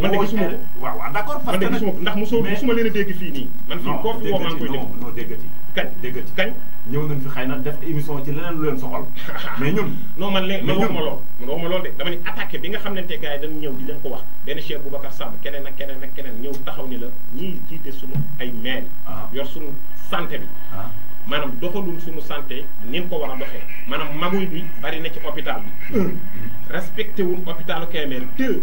man de gisuma ko waaw waaw d'accord parce que man de gisuma ko ndax mosoo mosuma leen a dégg fii nii man fii koo fi woo maa ngi koy dégg non déggati kañ déggati kañ ñëw nañ fi xëy na def émission ci leneen lu leen soxal mais ñun non man léegi man waxuma lool man waxuma lool de dama ni attaqué bi nga xamante gars yi dañ ñëw di leen ko wax benn chef Boubacar Samb keneen ak keneen ak keneen ñëw taxaw ni la ñii jiite suñu ay maire yor suñu santé bi maanaam doxalul suñu santé ni mu ko war a doxee maanaam maguy bi bari na ci hôpital bi un respecté wuñ hôpitalu Kébémer deux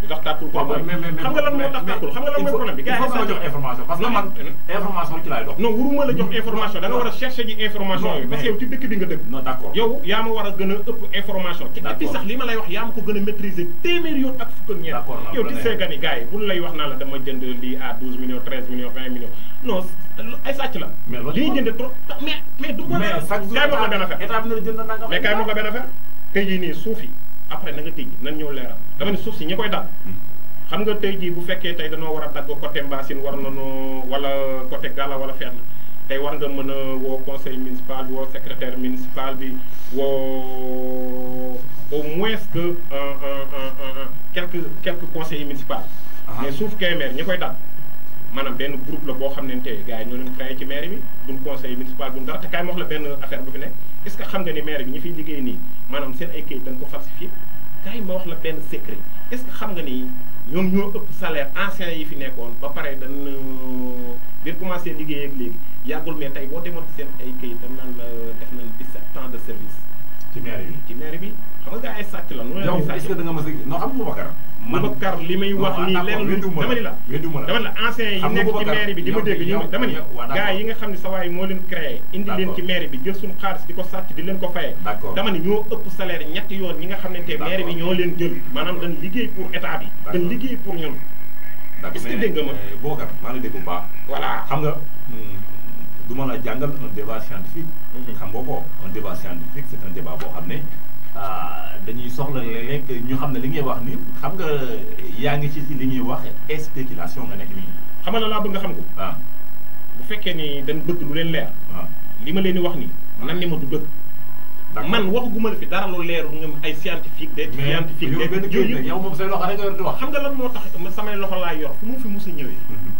li tax tàkkul ko xam nga lan moo tax tàkkul xam nga lan mooy problème bi gars yi sax jox information parce que man euh, information la jox information da nga war a chercher ji information yooyu sax li ma lay wax yaa ma ko gën a ak fukk ak ñeent yow di seegani gars yi buñ lay wax naa la jënd lii à douze millions treize la lii jënd trop mais mais du ko mais kaay ma ko benn affaire mais kaay ma ko benn après na nga tej nan ñoo leeral dama ne suuf si ñi koy dal hmm. xam nga tey ji bu fekkee tey danoo war a dagg côté Mbassine war nañoo wala côté Gala wala fenn tay war nga mëna wo conseil municipal wo secrétaire municipal bi wo au moins que un un un quelques quelques conseillers municipaux mais suuf que ñi koy dal manam ben groupe la bo xam ne gaay ñoo leen créé ci maire bi duñ conseil municipal bu dara te kaay ma wax la ben affaire bu fi est-ce que xam nga ni maire bi ñu fiy liggéey nii maanaam seen ay kayit dañ ko falsifié kaay ma wax la benn secret est-ce que xam nga nii ñoom ñoo ëpp salaire anciens yi fi nekkoon ba pare dañ euh, bi commencé liggéey ak léegi yàggul mais tey boo demoon seen ay kayit dañ naan la euh, def nañ 17 ans de service. ci maire bi ci maire bi xam nga gars ay sàcc la. nu ma la ñuy sàcc yow est-ce Boubacar li may wax nii lenn dama ni la dama ni la anciens yi nekk ci mairie bi di ma dégg ñu dama ni gars yi nga xam ne sa waay moo leen créé indi leen ci mairie bi jël suñu xaalis di ko sàcc di leen ko fayee dama ni ñoo ëpp salaire ñetti yoon ñi nga xam ne mairie bi ñoo leen jël maanaam dañ liggéey pour état bi dañ liggéey pour ñun est-ce que dégg nga ma Boubacar maa ngi dégg bu baax voilà xam nga hmm, du ma la jàngal un débat mm-hmm. xam nga ko un débat scientifique c'est un Ah, dañuy soxla léeg-léeg ñu xam ne li ngay wax ni xam nga yaa ngi ci li ñuy wax spéculation nga nekk nii. xam nga laa bëgg nga xam ko. Ah. bu fekkee ni dañ bëgg lu leen leer. waaw ah. li ma leen di wax nii. nan ni ma du dëgg. man waxaguma la fi dara lu leerul nga ay scientifique de. scientifique de yow yow yow moom say loxo rek nga yor di wax. xam nga lan moo tax samay loxo laa yor fu mu fi mus a ñëwee. Mm-hmm.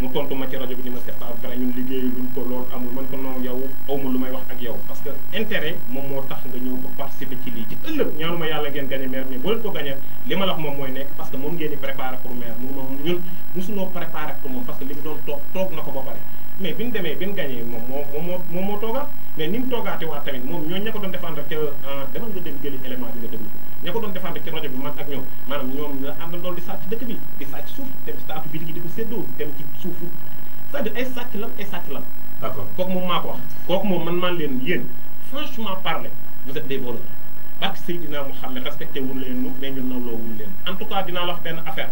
mu tontu ma ci rajo bi ni ma c'est pas vrai ñun liggéey luñ ko loolu amul man ko non yow awma lu may wax ak yow parce que intérêt moom moo tax nga ñëw ko participer ci lii ci ëllëg ñaanuma yàlla ngeen gañe maire boo leen ko gañe li ma la wax moom mooy nekk parce que moom ngeen di préparé pour maire mun moom ñun musunoo préparé pour moom parce que li mu doon toog toog na ko ba pare mais bi ñu demee bi ñu gagné moom moo moo moom moo toogaat mais ni mu toogaatee waat tamit moom ñooñu ña ko doon défendre ca ah, demal nga dem jëli élément bi nga déglu ña ko doon défendre ci rajo bi man ak ñoom maanaam ñoom la am na loolu di sàcc dëkk bi di sàcc suuf dem ci taatu bi di ko séddoo dem ci suufu c'est-à-dire ay sàcc lan ay sàcc lan. d'accord kooku moom maa ko wax. kooku moom man maa leen yéen franchement parler vous êtes des voleurs bak Seydina Mouhamed respecté wul leen nu mais ñun nawloo wul leen en tout cas dinaa la wax benn affaire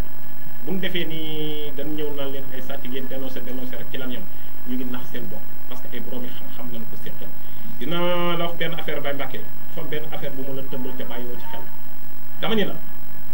bu ñu defee nii dañ ñëw naan leen ay sàcc ngeen dénoncé dénoncé rek ci lan yam ñu ngi nax seen bopp parce que ay boroomi xam-xam lañ ko seqal dina la wax benn affaire Baye Mbacke dafa am benn affaire bu ma la tëmbal ca bàyyiwoo ci xel dama ni la.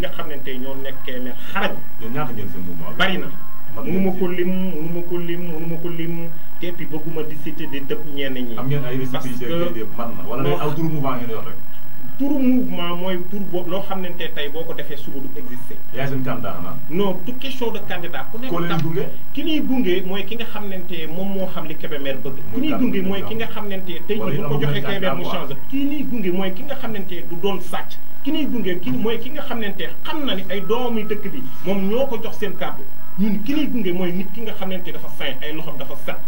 nga xam ne tey ñoo nekkee mais xarañ. ñoom ñaata ngeen seen bari na. mënuma ko lim mënuma ko lim mënuma ko lim te pi bëgguma di cité di dëpp ñenn ñi. am ngeen ay récipients yi man na wala ay turu mouvement ngeen yor rek. turu mouvement mooy tur boobu loo xam ne tey boo ko defee suba du existé. yaa seen candidat xanaa. non tout question de candidat. ku nekk tam ki ñuy gunge mooy ki nga xam ne moom moo xam li Kébémer bëgg. ki ñuy gunge mooy ki nga xam ne te jii bu ko joxee Kébémer mu changé. ki nii gunge mooy ki nga xam ne du doon sàcc. ki ñuy gunge ki mooy ki nga xamante xam na ni ay doomi dëkk bi moom ñoo ko jox seen kàddu ñun ki ñuy gunge mooy nit ki nga xamante dafa sañ ay loxom dafa sat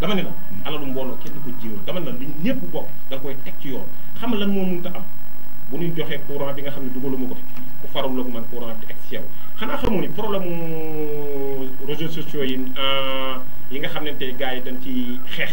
dama ne la alalu mbooloo kenn ko jiw dama ne la lu ñëpp bokk da koy teg ci yoon xam lan moo mënta am bu ñu joxee courant bi nga xam ne dugaluma ko fi ku faral la ko man courant bi ak si xanaa xamu ni problème mu réseaux sociaux yi euh, yi nga xamante gars yi dañ ci xeex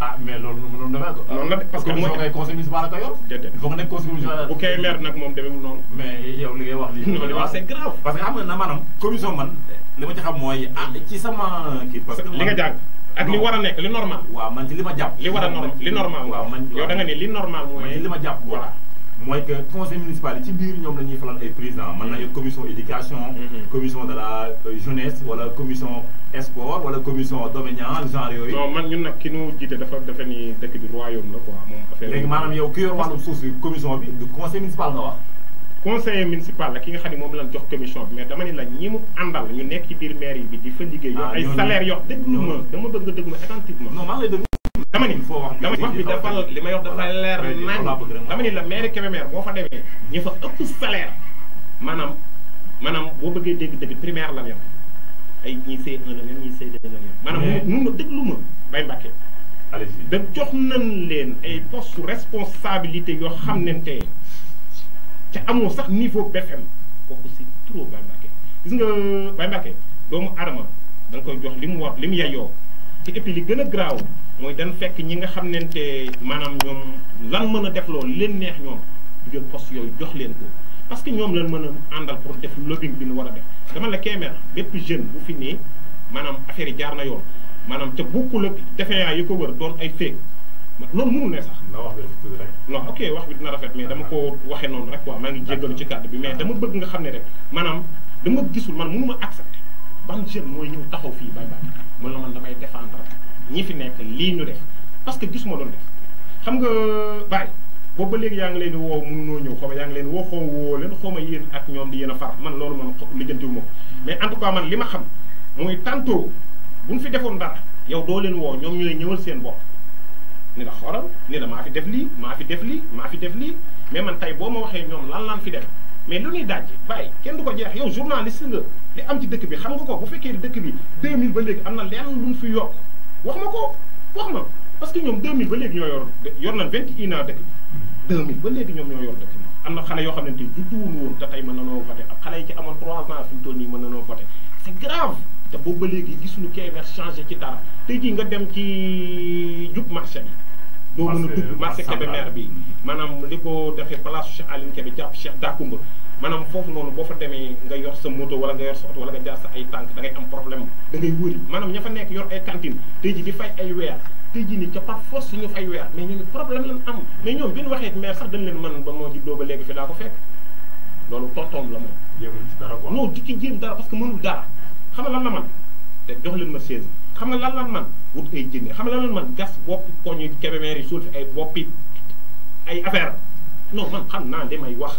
ah mais loolu noonu demee ko. noonu la de parce que mooy kay conseil municipal la ko yor. déedéet il faut que nekk conseil municipal bu kay maire nag moom demeewul noonu. mais yow li ngay wax lii. non nga na maanaam ma ci xam mooy ah ci sama kii. li nga jàng ak li war a nekk li normal. waaw man ci li ma jàpp. li war a normal li normal. waaw man yow da li normal mooy. li ma jàpp voilà. mooy que conseil municipal yi ci biir ñoom la ñuy ay président mën nañu commission éducation mhm. commission de la euh, jeunesse wala commission sport wala commission domaniale genre yoy non man ñun nak ki nu jité dafa defe ni dëkk bi royaume la quoi mom affaire léegi maanaam yow ki yor wàllum suuf si commission bi du conseil municipal nga wax conseiller municipal la ki nga xam mom lañ jox commission bi mais dama ni la ñi mu àndal ñu nekk ci biir mairie bi di fa liggéey yor ah, ay salaire yox déglu ma dama bëgg nga ma attentivement non ma lay déglu dama ni foo wax dama ni wax bi dafa li may wax dafa leer naan dama ni la maire Kébémer boo fa demee ñu ëpp salaire maanaam maanaam boo bëggee dégg dëgg primaire la yor ay ñi C1 la yor ñi C2 la yor maanaam mun ma déglu ma bay mbàkke da jox nañ leen ay poste responsabilité yoo xam ne te ca amoo sax niveau BFM kooku si trop bay mbàkke gis nga bay doomu adama da nga koy jox li mu war li mu yeyoo te et puis li gën a graaw mooy dañ fekk ñi nga xam ne nente maanaam ñoom lan mën a def loolu leen neex ñoom ñu post poste yooyu jox leen ko parce que ñoom leen mën a àndal pour def lobbying bi nu war a def dama la Kébémer bépp jeune bu fi ne maanaam affaire jaar na yoon maanaam te bokkul ak defeyaa yi ko wër doon ay féeg loolu mënul ne sax. ndax wax bi rek. ok wax bi dina rafet mais dama ko waxee noonu rek waaw maa ngi ci kàddu bi mais dama bëgg nga xam ne rek maanaam dama gisul man mënuma accepté. ban jeune mooy ñëw taxaw fii bay bay mun la man damay défendre ñi fi nekk lii ñu def parce que gisuma doon def xam nga Baye boobu ba léegi yaa ngi leen di woo mënunoo ñëw xaw ma yaa ngi leen woo xaw woo leen xaw ma yéen ak ñoom di yéen a far man loolu moom lijjantiwu ma ko mais en tout cas man li ma xam mooy tantôt bu ñu fi defoon dara yow doo leen woo ñoom ñooy ñëwal seen bopp ni la xoolal ni la maa fi def lii maa fi def lii maa fi def lii mais man tey boo ma waxee ñoom lan lan fi def mais lu ñuy daj kenn du ko jeex yow journaliste nga li am ci dëkk bi xam nga ko bu fekkee dëkk bi 2000 ba léegi am na lenn lu mu fi yokk wax ma ko wax ma parce que ñoom 2000 ba léegi ñoo yor yor na 21 ans dëkk bi 2000 ba léegi ñoom ñoo yor dëkk bi am na xale yoo xam ne tey judduwul woon te tey mën nanoo voté ak xale yi ci amoon 3 ans fi mu man nañu mën voté c'est grave te bo ba légui gisunu Kébémer changer ci tar tay ji nga dem ci djup marché bi doo mën a dugg marché Kébémer bi manam liko ko defee place Cheikh Aline Kébé jàpp Cheikh Dakoumba maanaam foofu noonu boo fa demee nga yor sa moto wala nga yor sa oto wala nga jaar sa ay tànk da am problème da ngay ña fa nekk yor ay cantine tey ji di fay ay weer tey ji ni ca par force ñu fay weer mais ñun problème lañ am mais ñoom bi ñu waxee maire sax dañ leen man ba moo juddoo ba léegi fi laa ko fekk loolu tontoom la moom jéemul ci dara jéem dara parce que mënul dara xam nga lan la man te jox leen ma chaise xam nga lan lan man wut ay jënne xam nga lan lan man gas bopp koñu kebemeer yi suul fi ay boppi ay affaire non xam naa li may wax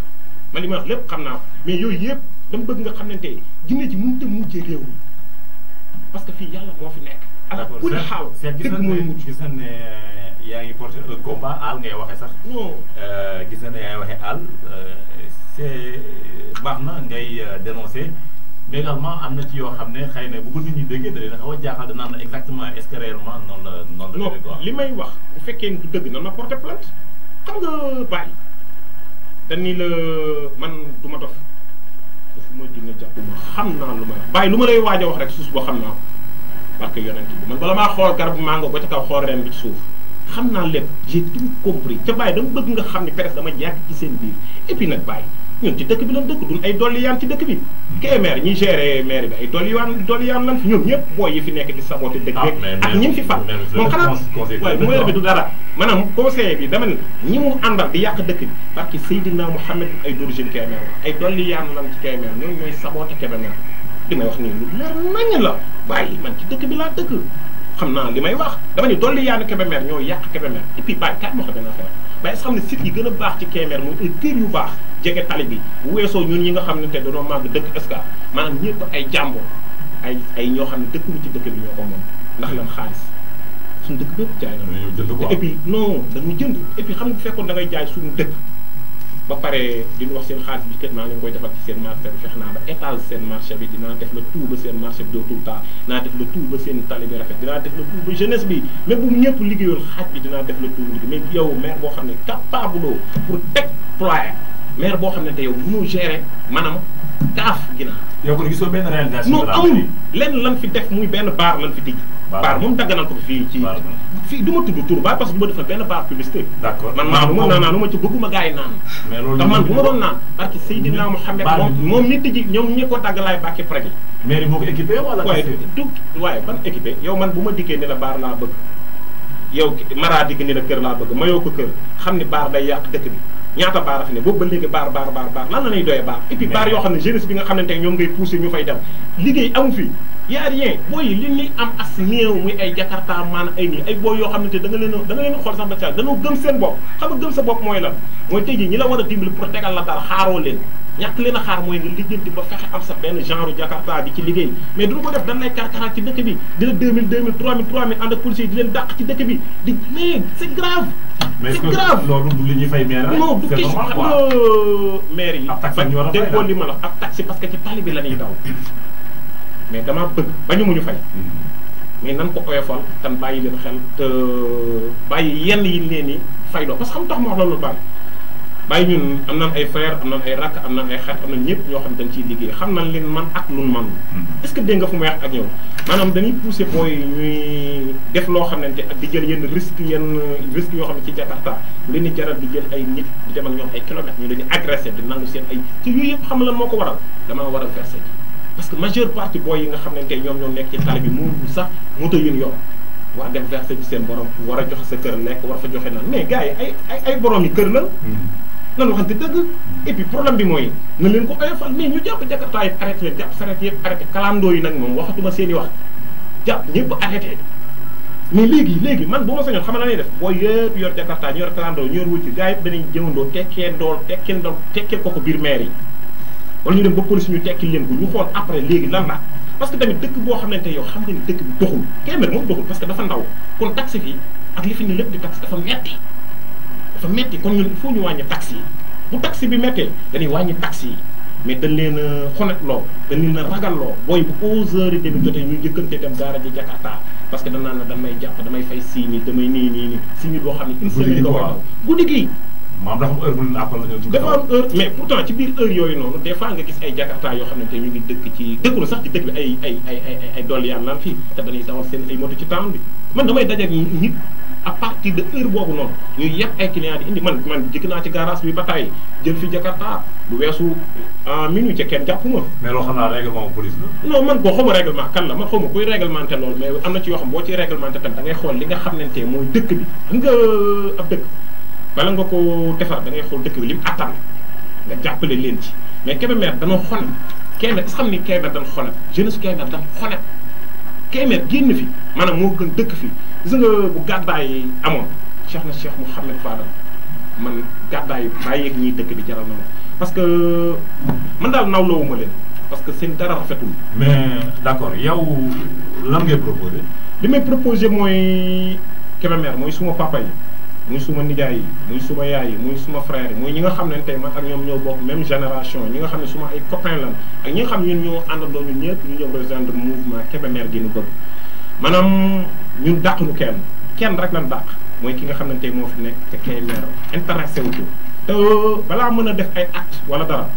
man li ma wax lépp xam naa ko mais yooyu yëpp dama bëgg nga xam ne ci jinne ji mënut a mujjee réew mi parce que fii yàlla moo fi nekk. ala kulli xaal dëgg mooy mujj gis nañ euh, yaa ngi porté un combat aal ngay waxe sax. non euh, gis nañ ne yaa ngi waxee aal euh, c'est baax na ngay dénoncer. mais également am na ci yoo xam ne xëy na bu ko nit ñi déggee da leen xaw a jaaxal danaan la exactement est noonu la noonu li may wax bu fekkee du dëgg noonu la porté plainte xam nga bàyyi. te nii la man du ma dof dafa ma dina jàpp ma xam naa lu ma bàyyi lu ma lay waaj wax rek suuf boo xam naa ko barke yonent bi man bala maa xool garab mango ba ca kaw xool reen bi ci suuf xam naa lépp j'ai tout ca bàyyi dama bëgg nga xam ni presque dama jàkk ci seen biir et nag bàyyi ñun ci dëkk bi lan dëkk duñ ay dolli yaan ci dëkk bi kee maire ñi géré maire bi ay dolli lan fi ñun ñëpp booy yi fi nekk di saboté dëkk beeg ah, ak ñi fi fal moom xanaa waaye maire bi du dara maanaam conseiller bi dama ñi mu àndal di yàq dëkk bi parce que Seydina Mouhamed ay d'origine kee ay dolli yaan lan ci kee maire ñoom ñooy saboté Kébémer li may wax nii lu leer nañ la bàyyi man ci dëkk bi laa dëkk xam naa li may wax dama ne dolli yaanu Kébémer ñoo yàq Kébémer et puis bàyyi kat moo xam benn affaire xam ne site yi gën a baax ci Kébémer mooy ay kër yu baax jege tali bi bu weso ñun ñi nga xamne te dañoo mag dekk esca manam ñepp ay jambo ay ay ño xamne dekk ci dekk bi ñoko mom ndax lan xaalis suñu dekk bepp jaay na et puis non dañu jënd et puis xam nga fekkon da ngay jaay suñu dekk ba paré di wax seen xaalis bi kët ma ngi koy defal ci seen marché bi fex ba étage seen marché bi dina def le tout ba seen marché bi doo tout temps na def le tout ba seen tali bi rafet dina def le tout ba jeunesse bi mais bu ñepp liggéeyoon xaaj bi dina def le tout mais yow maire bo xamne capable pour tek ployer maire boo xam ne te yow mënoo gérer maanaam kaaf ginnaaw. yow kon gisoo benn réalisation. lenn lan fi def muy benn baar lan fi tijji. baar moom dagganal ko fii ci. fii du ma tudd tur ba parce que bu ma defal benn baar publicité. man maa ma naan naanu ma ci bëgguma gars yi naan. mais loolu man bu ma doon naan. parce que Seydina Mouhamed moom moom nit ji ñoom ñi ko dagg laay bàkkee preg yi. mairie moo ko équipé waaye du waaye ban équipé yow man bu ma dikkee ne la baar laa bëgg yow maraa dikk ni la kër laa bëgg mayoo ko kër xam ni baar day yàq dëkk bi ñaata baara fi ne boobu ba léegi baar baar baar baar lan la lay doyee baar et baar yoo xam ne jeunesse bi nga xamante ne ñoom ngay poussé ñu fay dem liggéey amu fi y rien booy li ñuy am as néew muy ay jakarta maana ay nii ay booy yoo xam ne te da leen da leen xool sax ba ca gëm seen bopp xam nga gëm sa bopp mooy lan mooy tey jii ñi la war a dimbali pour la daal xaaroo leen ñàkk leen a xaar mooy nga liggéenti ba fexe am sa benn mais c'est grave loolu du fay non du yi li ma parce que ci daw mais dama bëgg bañu muñu fay mm-hmm. mais nan ko oyofal tan leen xel te yenn yi leen ni fay parce que xam tax wax bari bàyyi ñun am nañ ay frère am nañ ay rakk am nañ ay xarit am nañ ñëpp ñoo xam ne dañ ciy liggéey xam nañ leen man ak lu man mm-hmm. est ce que dégg nga fu may wax ak yow maanaam dañuy poussé booy ñuy def loo xamante di jël yenn risque yenn risque yoo xam ne ci Jakarta lu leen di jaral di jël ay nit di dem ak ñoom ay kilomètres seen ay ci yooyu yëpp xam moo ko waral damaa waral versé parce que majeure partie booy yi nga xam ne tey ñoom ñoo nekk ci tali bi mu sax moto yu ñu yor waa dem versé seen borom war a joxe sa kër lekk war fa joxe naan mais gars yi ay ay ay yi kër la mm-hmm. nan waxante dëgg et puis problème bi mooy na leen ko oyofal mais ñu jàpp jakartaa yi arrêté leen jàpp saret yëpp arrêté kalandoo yi nag moom waxatuma seen i léegi léegi man bu ma sañoon xam na ne def boo yëpp yor jakartaa ñu yor kalandoo ñu yor wucci gars yi danañ jëwandoo tekkee ndool tekkee ndool tekkee ko ko biir maire yi wala ñu dem ba police ñu tekki leen ko ñu xool après léegi lan la parce tamit dëkk boo xam xamante yow xam nga ni dëkk bi doxul Kébémer moom doxul parce dafa ndaw kon taxi fii ak li fi ne lépp di taxi dafa metti dafa metti kon ñun il faut ñu wàññi taxes yi bu taxe bi méttee dañuy wàññi taxes yi mais dañ leen a xonetloo dañ leen a ragalloo booy bu onze heures et demi jotee ñu jëkkante dem gaara ji Jakarta parce que danaan na damay jàpp damay fay sii nii damay nii nii nii boo xam ne une semaine nga waaw guddi gi maam dafa am yooyu noonu des fois nga gis ay xam ne te ñu ngi dëkk ci dëkkul sax di dëkk ay ay ay ay ay dolli yaan lan fii te dañuy dawal seen ay moto ci town bi man damay dajeek nit à partir de heure boobu noonu ñuy yeb ay clients di indi man man jëkk naa ci garage bi ba tàyyi jël fi Jakarta lu weesu euh, minuit ca kenn jàpp ma. mais loo xam naa règlement police la. non man boo xawma règlement kan la man xawma kuy réglementé loolu mais am na ci yoo xam boo ci réglementé tam da ngay xool li nga xamante mooy dëkk bi xam nga euh, ab dëkk bala nga ko defar da ngay xool dëkk bi li mu attan nga jàppale leen ci mais Kébémer dañoo xonet Kébémer xam ni Kébémer dañ xonet jeunesse Kébémer dañ xonet Kébémer génn fi maanaam moo gën dëkk fi gis nga bu gàddaay yi amoon Cheikh na Cheikh Mouhamed Fadal man gàddaay yi bàyyeeg ñiy dëkk bi jaral na ma parce que man daal nawloowuma leen parce que seen dara rafetul. mais d' accord yow lan ngay proposé. li may proposé mooy Kébémer mooy suma papa yi. muy suma nijaay yi muy suma yaay yi muy suma frère yi muy ñi nga xam ne tey man ak ñoom ñoo bokk même génération ñi nga xam ne suma ay copain lan ak ñi nga xam ñun ñoo àndandoo ñun ñëpp ñu ñëw rejoindre mouvement Kébémer gi ñu bëgg maanaam ñun dàqunu kenn kenn rek lan dàq mooy ki nga xam ne moo fi nekk te Kébémer intéressé wu te balaa mën a def ay at wala dara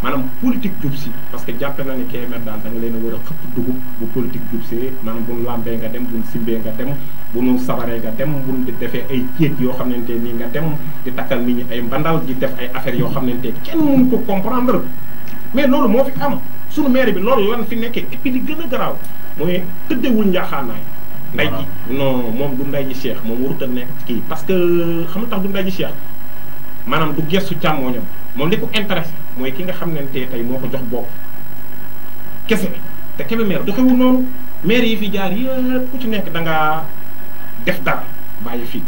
maanaam politique jub si parce que jàppe na ne Kébémer daal da nga leen a war a xëpp dugub bu politique jub see maanaam bu lambee nga dem bu simbee nga dem bu nu sabaree nga dem bu nu di defee ay ciet yo xamanté ni nga dem di takal nit ñi ay mbandal di def ay affaire yo xamanté kenn mun ko comprendre mais lolu mo fi am suñu maire bi lolu lan fi nekké et puis di gëna graw moy mooy wul njaaxaanaay nday ji non mom du nday ji cheikh mom warut a nekk kii parce que xam tax du nday ji cheikh manam du gestu càmmooñam mom li ko intéressé moy ki nga xamanté tay moko jox bok kessé te kébé maire doxewul non maire yi fi jaar yépp ku ci nekk da nga def dara bàyyi fii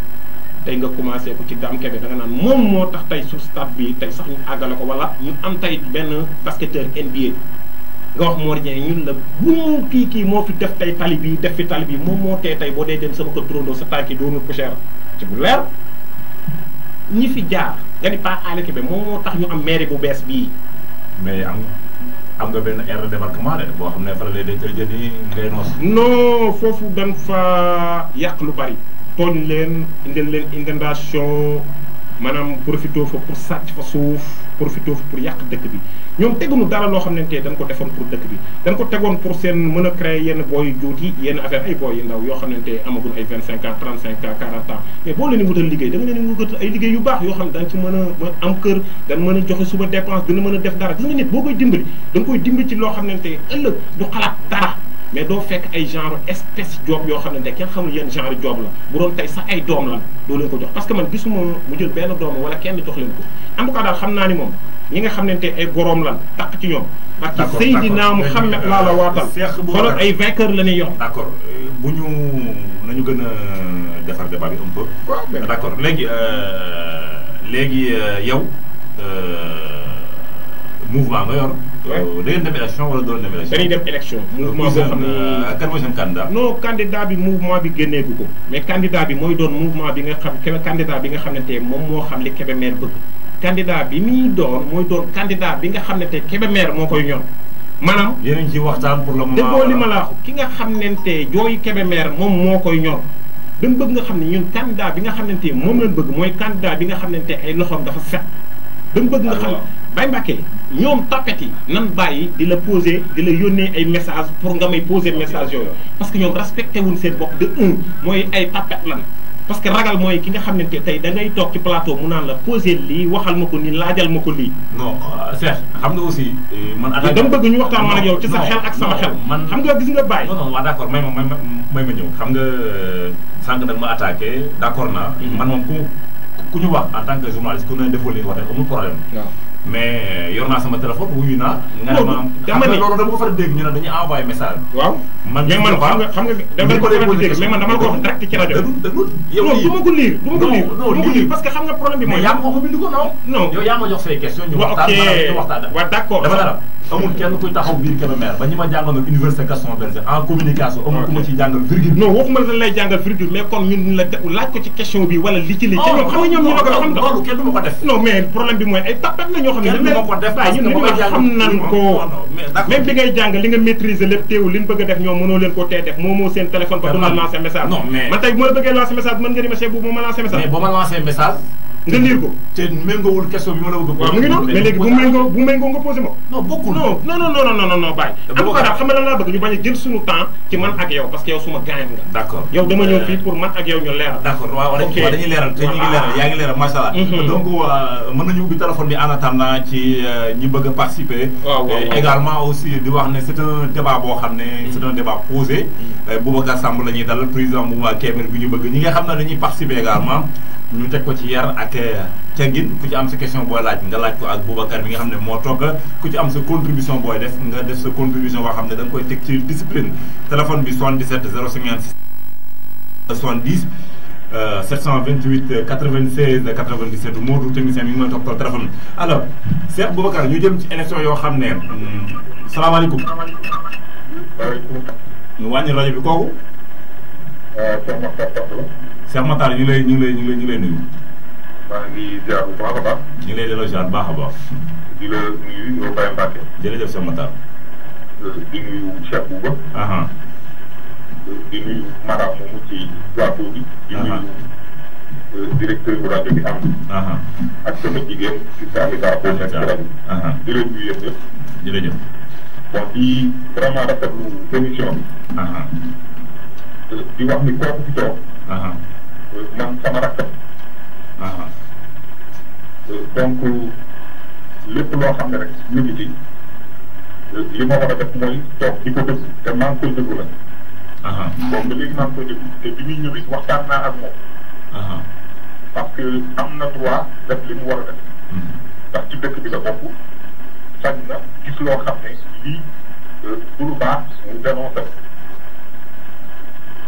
tey nga commencé ko ci dam kebe da nga naan moom moo tax tey suuf stade bi tey sax ñu àggale ko wala ñu am tey benn basketteur NBA nga wax Mor Dieng ñun la bu mu kii kii moo fi def tey tali bi def fi tali bi moom moo tee tey boo dee dem sama ko turandoo sa tànki doonul cher ci bu leer ñi fi jaar nga ni Paa Alé Kébé moom moo tax ñu am mairie bu bees bii mais am am nga benn aire boo xam ne fa la lay jënd ngay noos. non foofu dañ fa yàq lu bari. tooñ leen indil leen inondation maanaam profité fa pour sàcc fa suuf profité fa pour yàq dëkk bi. ñoom teguñu dara loo xam ne tey dañ ko defoon pour dëkk bi dañ ko tegoon pour seen mën a créer yenn booy juut yenn affaire ay booy yu ndaw yoo xam ne tey amagul ay 25 ans 35 ans 40 ans mais boo leen wutal liggéey da nga leen wutal ay liggéey yu baax yoo xam ne dañ ci mën a am kër dañ a joxe suba dépense a koy dimbali ci loo xam ne tey ëllëg du xalaat dara mais doo fekk ay genre espèce job yoo xam ne kenn xamul yenn genre job la bu doon tey sax ay doom la doo leen ko jox parce que man gisuma mu jël benn doom wala kenn jox leen ko en daal xam naa ni moom ñi nga ay goroom lan takk ci ñoom. d' accord d' accord la waatal. seex ay vainqueur la ñuy yor. d' accord nañu gën defar débat bi un peu. waaw d' accord léegi léegi yow mouvement nga yor. da ngeen dem élection wala doon dem élection. dañuy dem élection. mouvement kan mooy seen candidat. non candidat bi mouvement bi génneegu ko. mais candidat bi mooy doon mouvement bi nga xam candidat bi nga xamante moom moo xam li Kébémer bëgg. candidat bi muy doon mooy doon candidat bi nga xam ne te Kébémer moo koy ñor maanaam. yéen a ngi ciy waxtaan pour le li ma la ki nga xam ne te jooyu Kébémer moom moo koy ñor. dañ bëgg nga xam ne ñun candidat bi nga xam ne te moom lañ bëgg mooy candidat bi nga xam ne te ay loxoom dafa set. dañ bëgg nga xam ne Baye Mbacké ñoom tapet yi nan bàyyi di la poser di la yónnee ay message pour nga may poser message yooyu. parce que ñoom respecté wuñ seen bopp de un mooy ay parce que ragal mooy ki nga xam ne tey da ngay toog ci plateau mu naan la posé lii waxal ma ko nii laajal ma ko lii. non euh, Cheikh xam nga aussi. Euh, man attaque dama bëgg ñu waxtaan man ak yow ci sa xel man xam nga gis nga bàyyi. non non waaw may ma ñëw xam nga euh, sànq nag ma attaqué d' accord naa. Mm-hmm. man moom ku ku ñu wax en tant que journaliste ku ne defoo li wax rek amul problème. waaw. mais euh, yor naa sama téléphone wuyu naa. nga ne ma xam nga loolu dama ko faral dégg ñu ne dañuy envoyé message. waaw man man xam nga xam nga dama ko faral dégg mais man dama la ko wax direct ci rajo. dëgg yow non du ma ko lire du ma ko lire. non non lire parce que xam nga problème bi mooy. mais yaa ma ko bind ko non. non yow yaa ma jox say question ñu waxtaan ma waxtaan waaw ok waaw d' accord. amul kenn kuy taxaw biir Kébémer ba ñi ma jàngal université Gaston Berger en communication amul ku ma ciy jàngal virgule laaj ko ci question bi wala li ci li oh, ñoom xam xam nan ko même bi ngay jàng li nga maîtriser lépp teewul li ñu bëgg a def ñoom mënoo ko tee def moo moo seen téléphone ba du ma lancer message man tey bu ma bëggee lancer message mën nga ni ma chef bu ma lancer message mais bu ma lancer message nga liir ko. te méngoowul question bi ma la bëgg. waaw mu ngi noonu mais bu méngoo bu méngoo nga posé ma. non bokkul non non non non non non non bàyyi. am ko daal xam nga bëgg ñu bañ a jël suñu temps ci man ak yow parce que yow suma gaañ nga. d' accord yow dama ñëw euh, fii pour man ak yow ñu leeral. d' waaw waaw dañuy leeral te ñu leeral yaa ngi leeral macha allah. Mhm. donc euh, mën nañu ubbi téléphone bi en attendant ci euh, ñi bëgg participer. waaw aussi di wax ne c' est boo xam ne. Mhm. c' est un mhm. la ñuy dal président mouvement Kébémer bi ñu bëgg ñi nga xam ne dañuy participer ñu teg ko ci yar ak euh, teggin ku ci am sa question boo laaj nga laaj ko ak Boubacar bi nga xam ne moo togg ku ci am sa contribution booy def nga def sa contribution boo xam ne da nga koy teg ci discipline téléphone bi 77 056 70 728 96 97 Modou technicien bi mooy toppal téléphone alors Cheikh Boubacar ñu jëm ci élection yoo xam ne hmm, salaamaaleykum. waaleykum. ñu wàññi rajo bi kooku. Euh, Cheikh Matar ñu ngi lay ñu ngi lay ñu ngi lay nuyu. maa ngi ziar bu baax a baax. ñu ngi lay delloo ziar bu baax a baax. di la nuyu yow Baye Mbacke. jërëjëf Cheikh Matar. Euh, di nuyu Cheikh Bouba. Euh, di nuyu madame moomu ci plateau bi. di nuyu euh, directeur bu rajo bi am. ak sama jigéen ci saa mi daa ko nekk ci rajo. di la nuyu yëpp yëpp. jërëjëf. bon di vraiment rafetlu émission bi. di wax ni kooku ci toog. nam sama rakkam euh, donc lépp loo xam ne rek ñu ngi ci li ma war a def mooy toog di ko déglu te maa ngi koy déglu la boobu ba léegi koy déglu te bi muy ñëw waxtaan naa ak moom parce que am na droit def li mu war a def mhm. ndax ci dëkk bi la bokk sañ na gis loo xam ne lii pour euh, baax mu dénoncé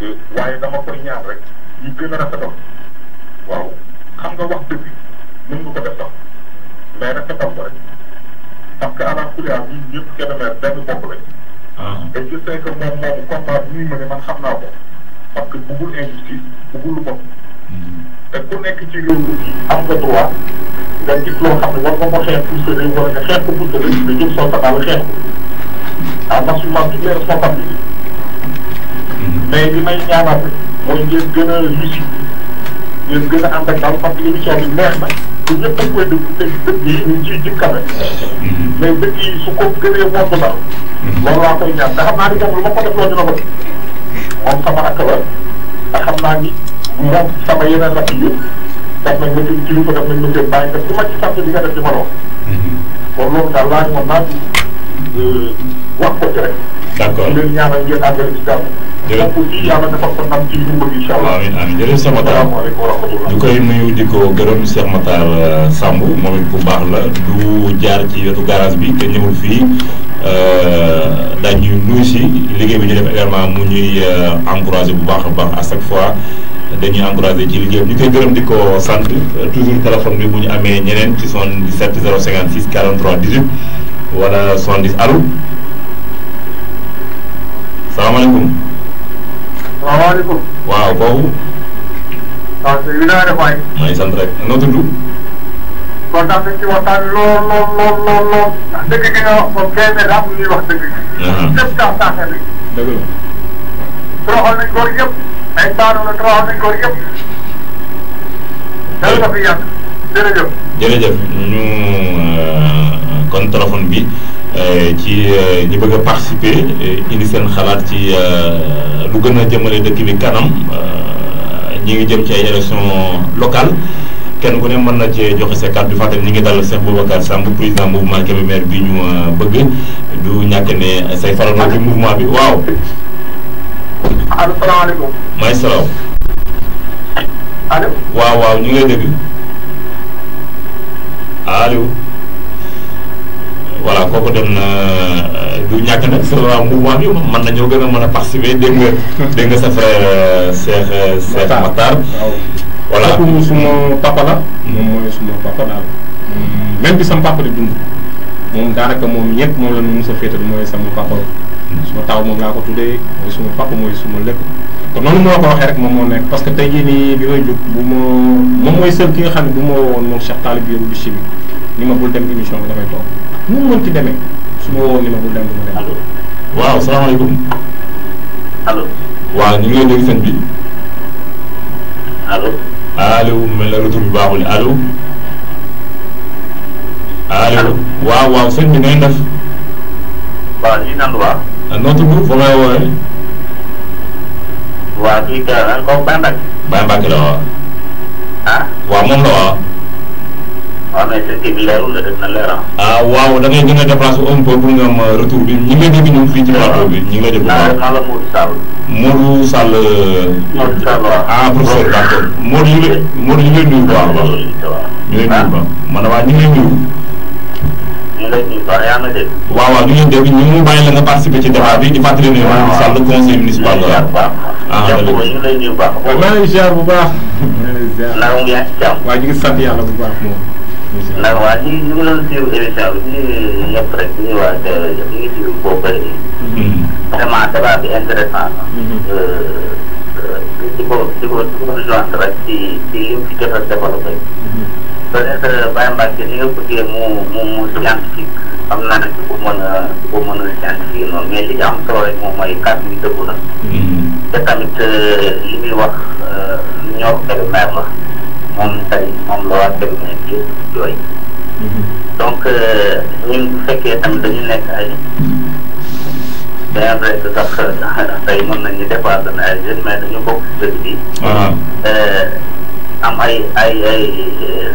euh, waaye dama koy ñaan rek yu gën a rafetal waaw xam nga wax dëgg mën nga ko def sax mais rafetal ko rek parce que avant kuréel ñun ñëpp kenn meer benn bopp lañ. Ah. et je sais que moom moomu combat bi muy mëne man xam naa ko parce que bëggul injustice bëggul lu bopp. Hmm. te ku nekk ci réew mi am nga droit nga gis loo xam ne war nga ko xeex pour sa réew wala nga xeex ko pour sa réew nga jóg soo ko daal xeex ko en assumant toutes les responsabilités hmm. mais li may ñaanal rek. mooy ngeen gën a lucide ngeen gën a ànd ak dal parce que bi neex na te ñëpp dañ koy déglu ngi ciy jëm kawe mais dëkk yi su ko gënee moom dal loolu laa koy ñaan te xam naa ni moom lu ma ko def loolu dina ko def moom sama rakk la xam naa ni moom sama yeneen rakk yi daf nañ ma seen kilifa daf nañ ma seen bàyyi nga su ma ci sant li nga def di ma lool kon loolu daal laa moom naa euh, wax ko ci d'accord amiin amiin jërëjëf Cheikh di ko gërëm Cheikh Matar Samb moom it bu baax la du jaar ci wetu garage bi te ñëwul fii dañuy nuyu si liggéey bi ñu def également mu ñuy encouragé bu baax a baax à chaque fois dañuy encouragé ci liggéeyam ñu koy gërëm di ko sant toujours wala 70 allo salaamaaleykum. waaw kooku. waaw sëñ bi naa def waay. maa ngi sant rek noo tudd. kontaan nañ ci waxtaan bi lool lool lool lool lool. ndax dëgg gi nga wax moom kenn daa am lu ñuy wax dëgg gi. lépp tax saaxee nañ. dëgg la. toroxal nañ góor yëpp. ay baanu la toroxal nañ góor yëpp. dal na fi yàgg jërëjëf. jërëjëf ñu euh, kon téléphone bi. Euh, ci euh, ñi bëgg a participer euh, indi seen xalaat ci lu gën a jëmale dëkk bi kanam ñi ngi jëm ci ay élection locale kenn ku ne mën na cee joxe sa kàddu fàttali ñu ngi dalal Cheikh Boubacar Samb président mouvement Kébémer bi ñu bëgg du ñàkk ne say farandoo ci mouvement bi waaw. allo salaamaaleykum. waaw waaw ñu ngi lay dégg voilà koko don eh, du ñak nak sa mouvement bi mën nañoo gën a mën a participer dégg nga dégg nga sa frère euh, Cheikh euh, Cheikh Matar voilà mu suma papa la moom moy suma papa dal mm, même bi sama papa di dund da naka mom ñëpp moom la nu mos a féetal sama papa suma taw mom la ko tuddee moy suma papa moy suma lepp ko noonu mo ko waxe rek mom mo nek parce que tay ni bi may jóg bu mo mom moy seul ki nga xamni bu mo won moom Cheikh Talib yow du chimie ni ma bul dem émission da fay tok mu mënti demee su ma woo ni ma bul dem du ma dem waaw salaamaaleykum allo waaw ñu ngi lay dégg sëñ bi allo allo mel na retour bi baaxul allo allo waaw waaw sëñ bi ngay def waaw ñu naan waaw noo tudd fa ngay woowee waaw kii ka ko Baye Mbacke Baye Mbacke la waaw ah waaw moom la waaw waaw mais c'est similaire la def na leeram. ah waaw da ngay gën a déplacé un peu pour nga am retour bi ñi ngay dégg ñun fii ci plateau bi ñi ngay dégg. waaw maa la Modou Sall. Modou Sall. Modou Sall waaw. ah professeur d'accord Modou ñu lay Modou ñu lay nuyu baax baax. ñu lay nuyu baax man waa ñu lay nuyu. ñu lay nuyu baax yaa ngi dégg. waaw waaw ñu ngi dégg ñu mu bàyyi la nga participer ci débat bi di fàttali ne Modou Sall conseil municipal la. ah dëgg la ñu lay nuyu baax. waaw maa ngi ziar bu baax. maa ngi ziar waaw ñu ngi sant yàlla bu baax moom. ndax waa ñu ñu ngi doon suivre émission bi ñu yëpp rek ñu ngi waa ñu ngi suivre boobu ba léegi. Mm-hmm. vraiment débat di mm-hmm. euh, ko di ko di ko joindre rek ci ci li mu fi jot a développé. Mm-hmm. peut euh, ni nga bëggee mu mu mu scientifique xam naa ne du ko mën a du ko mën a am solo rek moom mooy kàddu yi dëggu na. Euh, li muy wax ñoo ko fekk la. moom tey moom la waa cabinet bi jooy donc euh, ñun bu fekkee tamit dañu nekk ay bien vrai que sax tey mën nañu dépassé na ay jeunes mais dañu ah. euh, am ay ay ay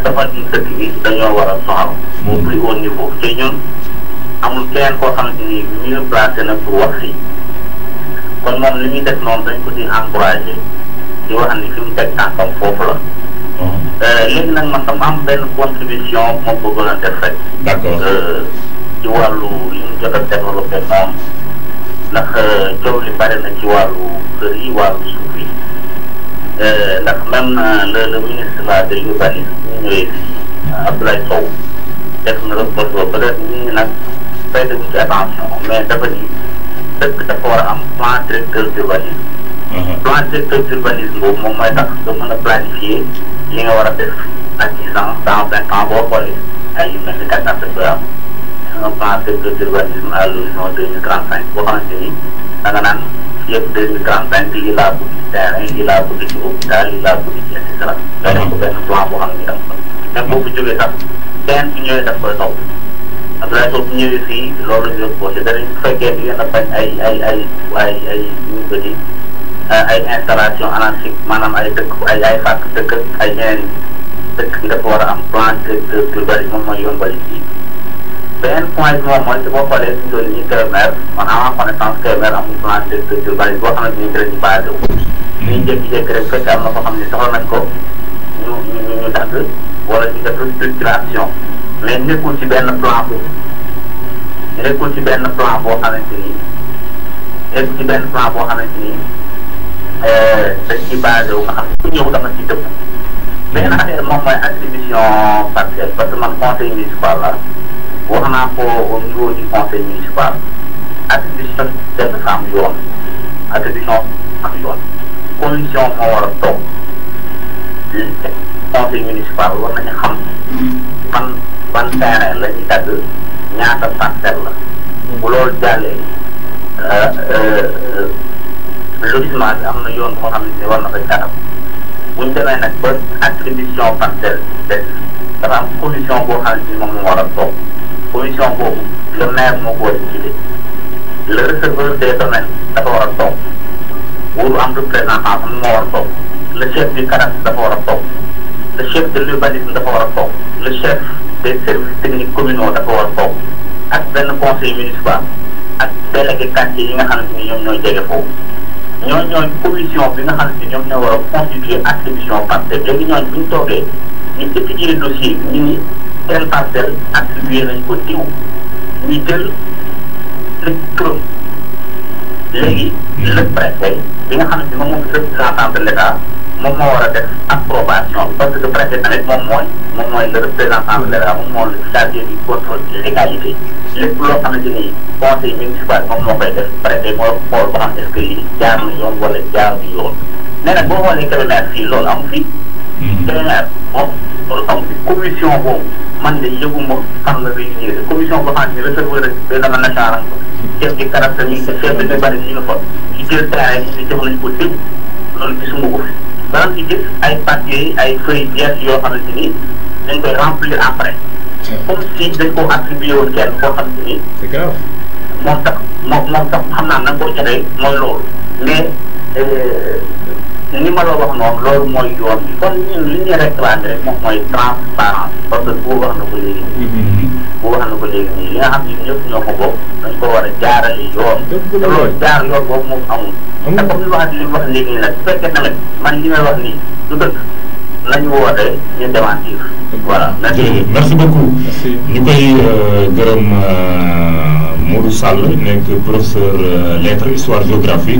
safar ci dëkk bi dañoo war a soxal au plus haut niveau te ñun amul keneen koo ni mieux placé na pour wax kon moom li muy def noonu dañ ko di encouragé di wax ni fi mu teg tànkam Euh, léegi nag man dama am benn contribution bu ma bëggoon a def rek. d'accord euh, ci wàllu li ñu jot a développé moom ndax euh, coow li bare na ci wàllu kër yi wàllu suuf yi ndax même le ministre là de l'urbanisme ñu ñëwee fii Abdoulaye Sow def na reporté peut être nit nag fay def ci attention mais dafa ni dëkk dafa war a am plan directeur d'urbanisme. Mhm. plan directeur d'urbanisme moom mooy tax nga mën a planifier. li nga war a def ak dix ans cent vingt ans boo xoolee ay yu mel ni kat natt bi am un plan d' urbanisme à l'horizon deux mille trente cinq boo xamante ni da nga naan yëpp deux mille trente cinq lii laa bëgg ci terrain lii laa bëgg ci hôpital lii laa bëgg ci et cetera. nga def ko benn plan boo xam ne daf ko même boo ko jógee sax benn su ñëwee daf koy taw Abdoulaye Sow bu ñëwee fii loolu la ñu yëpp boo ci danañ fekkee di ngeen a bañ ay ay ay ay ay ñu ko ay installation anarchique maanaam ay dëkk ay ay fàkk dëkk ay yeneen dëkk yi dafa war a am plan directeur global yi moom mooy yombali fii beneen point bi moom mooy si boo xoolee si zone yi Kébémer man amaa connaissance Kébémer amul plan directeur global yi boo xam ne bii dinañu basé wu. ñuy jékki-jékki rek fekk am na koo xam ne soxla nañ ko ñu ñu ñu dagg wala ñu def restructuration mais nekkul ci benn plan bu nekkul ci benn plan boo xamante ni nekkul ci benn plan boo xamante ni. dañ ci basé wu nga xam ne ku ñëw dama ci dëpp benn affaire moom mooy attribution partielle parce que man conseil municipal la wax naa ko au niveau conseil municipal attribution benn femme yoon attribution am yoon conseil municipal war nañu xam ban ban terrain la ñuy dagg ñaata parcelle la bu loolu euh, euh, logiquement bi am na yoon boo xam ne war na koy gàttal bu ñu demee nag ba attribution parcelle des dafa am commission boo xam ne moom moo war a toog commission boobu le maire moo ko war a jiite le receveur des domaines dafa war a toog wóolu am représentant am moo war a toog le chef du cadastre dafa war a toog le chef de l'urbanisme dafa war a toog le chef des services techniques communaux dafa war a toog ak benn conseil municipal ak délégué quartier yi nga xam ne ñoom ñooy jege foofu. ñooñu ñooñu commission bi nga xam ne ñoom ñoo a constituer attribution parcelle léegi ñooñu bu ñu toogee ñu étudier dossier ñu ni telle parcelle attribué nañ ko diw ñu jël le turam léegi le préfet bi nga xam ne moom moom représentant de l'État moom moo war a def approbation bi parce que préfet tamit moom mooy moom mooy le représentant de l'État moom moo chargé du contrôle de légalité lépp loo xamante ni conseil municipal moom moo koy def préfet moo xool ba xam est-ce que lii jaar na yoon wala jaar bi yoon nee na boo xoolee Kébémer fii loolu amu fi hmm. Kébémer moom loolu amu fi commission boobu man de yëguma xam na réunir commission boo xam ne recevoir président national ko chef de caractère yi chef de débat yi ñu ko ci jël terrain yi jox nañu ko dégg loolu gisuma ko fi daan ci gis ay papier ay feuilles vierges yoo xamante ni dañ koy remplir après. comme si dañ koo attribué woon kenn koo xamante ni. c'est grave. moom tax moom moom tax xam naa nan ko jëlee mooy loolu. mais euh, ni ma la wax noonu loolu mooy yoon bi kon ñun li ñu réclamé rek moom mooy transparence parce que bu wax na ko léegi. Mm-hmm. bu wax na ko léegi nga xam ne ñoo ko bokk dañ ko war a jaarale yoon te loolu jaar yoon boobu moom amul te comme li waxat li wax léegi nag su fekkee tamit man li wax nii du dëkk nañu woote ñu démentir voilà merci beaucoup ñu koy euh, gërëm euh, Modou Sall nekk professeur euh, lettres histoire géographie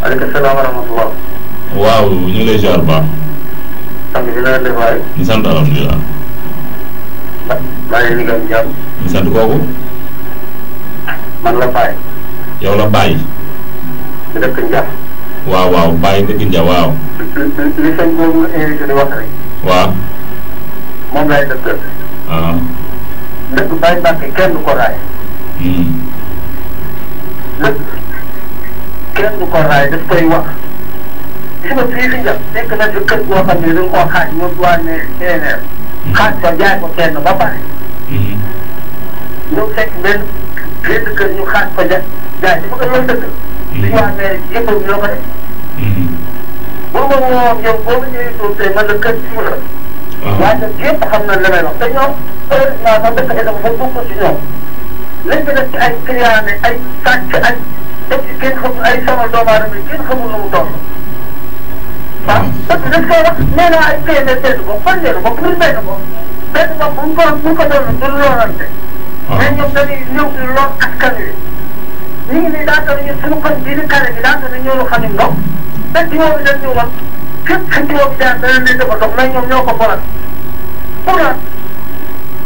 aleykum salaam wa wow, waaw ñu lay ziar baax sant bi la def waay di jàmm ñu sant kooku man la bàyyi yow la bàyyi ñu wow, njax waaw waaw bàyyi dëkk njax waaw li sëñ ah dëkk bàyyi bàkk kenn du kenn du ko raay daf koy wax. gis nga fii fi nga nekk na fi kër goo xam ne dañ koo xaaj moom waa ne CNR. xaaj ko jaay ko kenn ba pare. ñoom mm-hmm. fekk benn benn kër ñu xaaj ko ja jaay dafa gën loolu dëkk. suñu mm-hmm. waa ne yëpp ñoo ko def. Mm-hmm. boo ma woo yow boo ma ñëwee toog tey man la kër jiw la. waaw ah. waaye nag yëpp xam na li may wax te ñoom heureusement sax dëkk bi dafa fa bokkul ci ñoom. lañ ko def ci ay client ay sàcc ay. dëkk yi kenn xamul ay sama doomu aadama yi kenn xamul nu mu toll. waaw parce que dañ koy wax nee naa ay PNP benn bopp fan benn bopp pour benn bopp benn bopp bu mu ko bu mu ko doon du loolante. waaw ah. mais ñoom dañuy ñëw di lool askan wi. ñu ngi nii daanaka ñu suñu xol bii di kare bi daanaka ñoo ñu xam ne ndox te jiwoo bi dañ ñu wax képp xëccoo bi daan dana leen def a dox mais ñoom ñoo ko boral. pour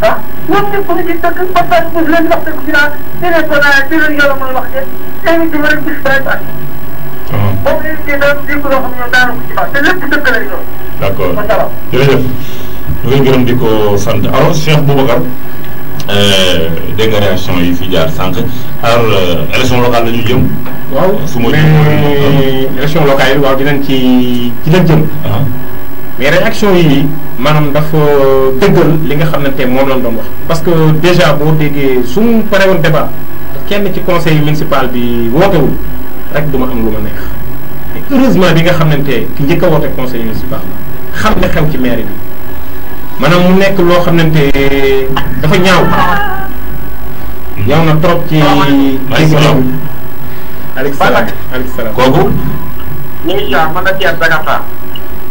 ah ñoom ñëpp a ngi ah. ci dëkk ba pare bu leen wax dëgg dinaa dinañ ko naan dinañ yàlla mën a wax de invité ma rek gis benn at. boo ko invité daal di ko loo xam ne daanaka ci baax te lépp dëkk lañ doon. d' accord macha allah jërëjëf. ñu ngi gërëm di ko sant alors Cheikh Boubacar. Euh, dégg nga réaction yi fi jaar sànq alors euh, élection locale la ñu jëm. waaw su ma jëm élection locale yi waaw dinañ ci dinañ jëm. Ah. mais réaction yii maanaam dafa euh, dëggal li nga xamante ne moom lañ doon wax parce que déjà boo déggee su suñu parewoon débat kenn ci conseil municipal bi wootewul rek du ma am lu ma neex mais heureusement bi nga xamante ki njëkk a woote conseil municipal xam ne xew ci mairie bi maanaam mu nekk loo xamante dafa ñaaw ñaaw na trop ci dégg Alex Salam Alex Salam kooku ñu ngi jaar man la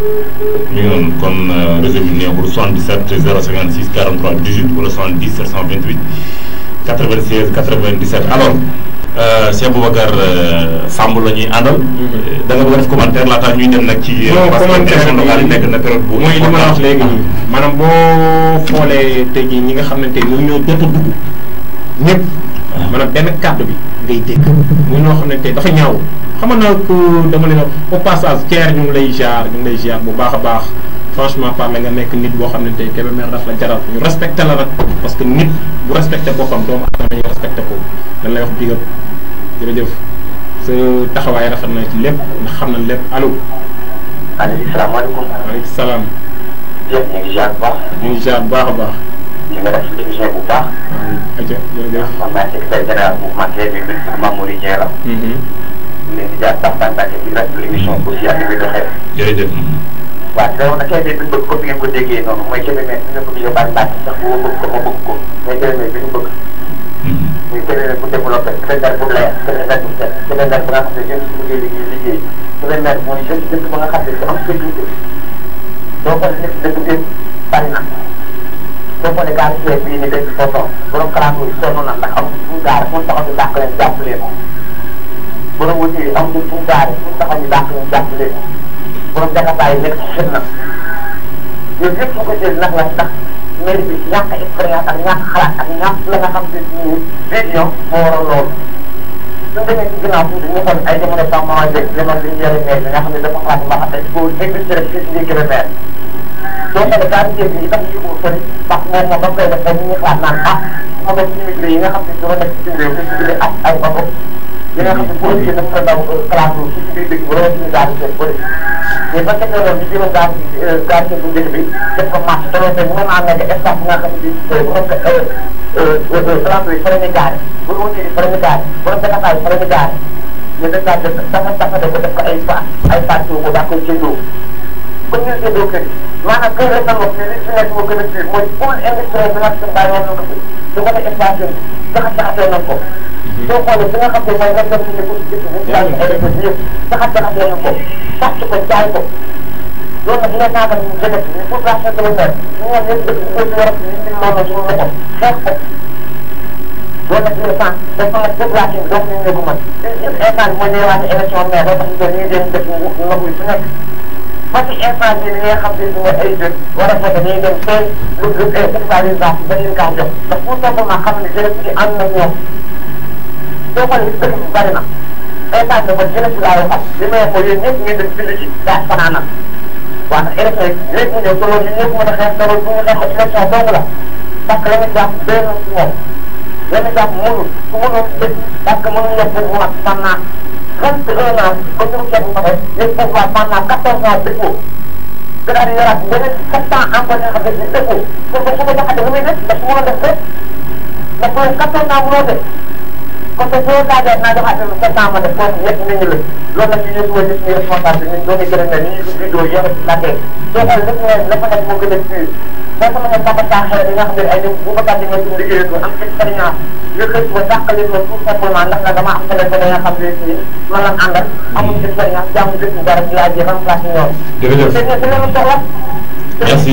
mi ngi noonu kon euh, réseau bi neexul 77 056 43 18 wala 70 728 96 97 alors euh, Cheikh Boubacar euh, Samb la ñuy àndal. Mm-hmm. da nga bëgg a def commentaire laataa ñuy dem nag ci. parce que élection nekk na période bu. mooy li ma wax léegi nii maanaam boo xoolee tey jii ñi nga xam ne tey ñoom ñoo jot a dugg ñëpp. Ah. maanaam benn kàddu bi ngay dégg muy noo xam ne tey dafa ñaaw. xamal na ko dama leen au passage Thier ñu lay jaar ñu lay jaar bu baax baax franchement parle nga nekk nit boo xam ne tey Kébémer daf la jaral ñu respecté la nag parce que nit bu respecté boppam doomu adama ñu respecté ko dañ lay wax big up jërëjëf sa taxawaay rafet na ci lépp ndax xam na allo. maaleykum salaam maaleykum ñu jaar baax. ñu baax baax. ñu def bu baax. média Samba Mbacké ci rajo émission aussi ak li doxee. jërëjëf. waaw loolu nag tey de bi ñu bëgg comme ni ngeen ko déggee noonu mooy Kébémer bi nga bëgg yóbbaale Mbacké sax bu bëgg ko ma bëgg ko mooy Kébémer bi ñu bëgg. muy Kébémer bu développé Kébémer bu leer Kébémer bu set Kébémer bu nga xam ne jeunes yi bëggee liggéey liggéey Kébémer mooy jeune dëkk ba nga xam ne dafa am sécurité doo ko nekk dëkk bi bari na soo ko ne gaar bii ni dëkk borom kalaam yi sonn na ndax am fu mu gaar fu mu taxaw di dàq leen jàpp leen borom wuti yi amuñu fu mu gaare fu mu taxaw ñu dàq ñu jàpp leen borom jaxasaay nekk ci fitna yooyu yëpp bu ko jël nag la tax mairie bi ñàkk expérience ak ñàkk xalaat ak ñàkk la nga xam te ni vision moo waral loolu suñ demee ci ginnaaw tuuti ñu xool ay jamono sàmmwaay beeg demal li ñu yore maire bi nga xam ne dafa xalaat mbaa xam ne il faut investir rek fii si lii gën a maire doo xam ne daal jéeg yi tax ñu ko sori ndax moom moom ba mu koy def ba ñu xalaat naan ah xam nga immigré yi nga xam ne doo nekk ci réew mi ci ay oto li nga xam ne boo gisee dafa daw classe bi ci biir dëkk bi wala suñu gaz bi ba mais ba fekkee loolu ñu jëloon gaz bi gaz bu njëkk bi def ko marché te loolu tey mën naa nekk espace bi nga xam ne euh, bu doon euh, euh, classe bi fa la ñuy gaare bu doon kii fa la ñuy gaare bu doon dakataay fa la ñuy gaare ñu dañ daa def dafa dafa def ko def ko ay fa ay fàttali ko daa koy jëndoo ba ñu séddoo kër yi maanaam kër lañ doon wax ne li fi nekk moo gën a tuuti mooy pôle industriel bi nga xam ne bàyyi woon na ko fi du ko def espace bi jaxas jaxasee nañ ko soo xoolee bi nga xam ne mooy responsabilité pour ci bu bàyyi ay récolte yëpp jaxas jaxasee nañ ko sàcc ko jaay ko loolu nag dina naagal ñu jënd ñu pour la chaque revers ñu ñëw ñëpp dëkk bu ñu war a ñu ci moom la suñu loxo xeex ko loolu nag dina sens dafa nag population bi dox ñu ne ko man. te ñun instant bi mooy ñëwaat élection maire doo tax ñu jël ñu jënd dëkk ñu ndox mi fu nekk ba ci instant bii li nga xam ne mooy ay jeunes war a fekk dañuy dem tey lu lu expérience ba leen kaa jox ndax tout simplement xam ne jeunesse bi ànd na ñoom soo xoolee dëkk na instant bi man jeunesse bi laa waxal li may ko yéen ñëpp mu ñëw te loolu ñun ñëpp mën a xeex te loolu bu ñu xeexoon élection dong la parce que la ñu jàpp benn si moom la ñu jàpp mënul su mu mag 31 ans ba ñëw Thierno Mohamed les pouvoir pendant 14 ans dëppoo. dinaa di yoraat beneen 7 ans encore yoo xam ne nii dëppoo kon ba su ko joxatee ba muy def ba su ma def rek ndax loolu 14 ans munoo def kon te boo laajee naa joxaat ne 7 ans ma def foofu yëpp nañu la loolu nag ñu ñëpp mooy def ñu responsable ñun doo ñu gën a mel ñu ngi vidéo yore si la tey. doo xam ne dafa nekk moo gën a dafa mën a bokk saaxee bi nga xam ne ay dem bu ko gàddee nga suñu liggéey ko am expérience nga xëy ba dàqali ko tout simplement ndax nag dama am solo ba nga xam ne nii man la àndal hmm. amul expérience jàmm dëkk bu bari laa jël remplacé ñoom. jërëjëf te ñu soxla. merci.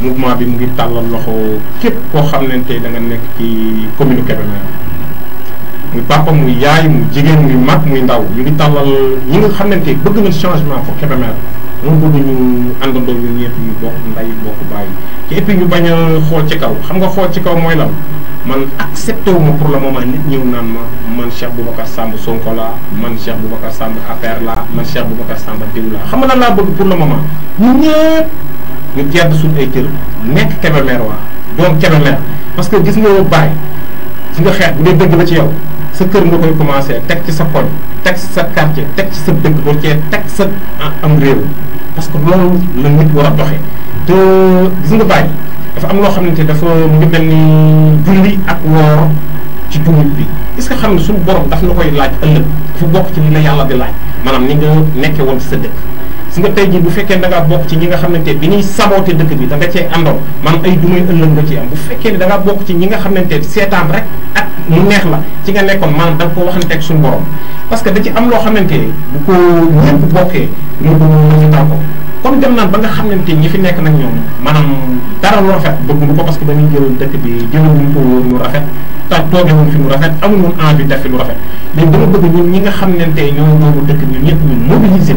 mouvement bi mu ngi tàllal loxo képp koo xam ne tey da nga nekk ci commune Kébémer muy papa muy yaay muy jigéen muy mag muy ndaw ñu ngi tàllal ñi nga xam ne tey bëgg na changement fo pour Kébémer moom bëgg ñu àndandoo ñu ñëpp ñu bokk nday bokk bàyyi ci et puis ñu bañ a xool ci kaw xam nga xool ci kaw mooy lan man accepté wu ma pour le moment nit ñëw naan ma man Cheikh Boubacar Samb Sonko la man Cheikh Boubacar Samb affaire la man Cheikh Boubacar Samb diw la xam nga lan laa bëgg pour le moment ñu ñëpp ñu jàpp suñu ay cër nekk Kébémer waa doom Kébémer parce que gis nga bàyyi si nga xeet bu dee dëgg la ci yow sa kër nga koy commencé teg ci sa koñ teg ci sa quartier teg ci sa dëkk ba cee teg sa ah, am réew parce que loolu la nit war a doxee te gis nga bàyyi dafa am loo xam ne dafa mu ngi mel ni julli ak woor ci jullit bi est-ce xam ne su borom daf na koy laaj ëllëg dafa bokk ci li na yàlla di laaj maanaam ni nga nekkee woon sa dëkk su nga tey jii bu fekkee da ngaa bokk ci ñi nga xamante bi ñuy saboote dëkk bi danga nga cee àndoon man ay dumay ëllëg nga ci am bu fekkee ne da bokk ci ñi nga xam xamante seetaan rek ak mu neex la ci nga nekkoon maanaam da nga ko waxanteeg suñu borom parce que da ci am loo xamante bu ko ñëpp bokkee ñu bëgg ñu comme dem naan ba nga xamante ñi fi nekk nag ñoom maanaam dara lu rafet bëgguñu ko parce que dañuy jëloon dëkk bi jëluñu ko woon lu rafet ta toogewuñ fi lu rafet amuñu woon envie def fi lu rafet léegi dama bëgg ñun ñi nga xam xamante ñoo ñoomu dëkk bi ñëpp ñu mobiliser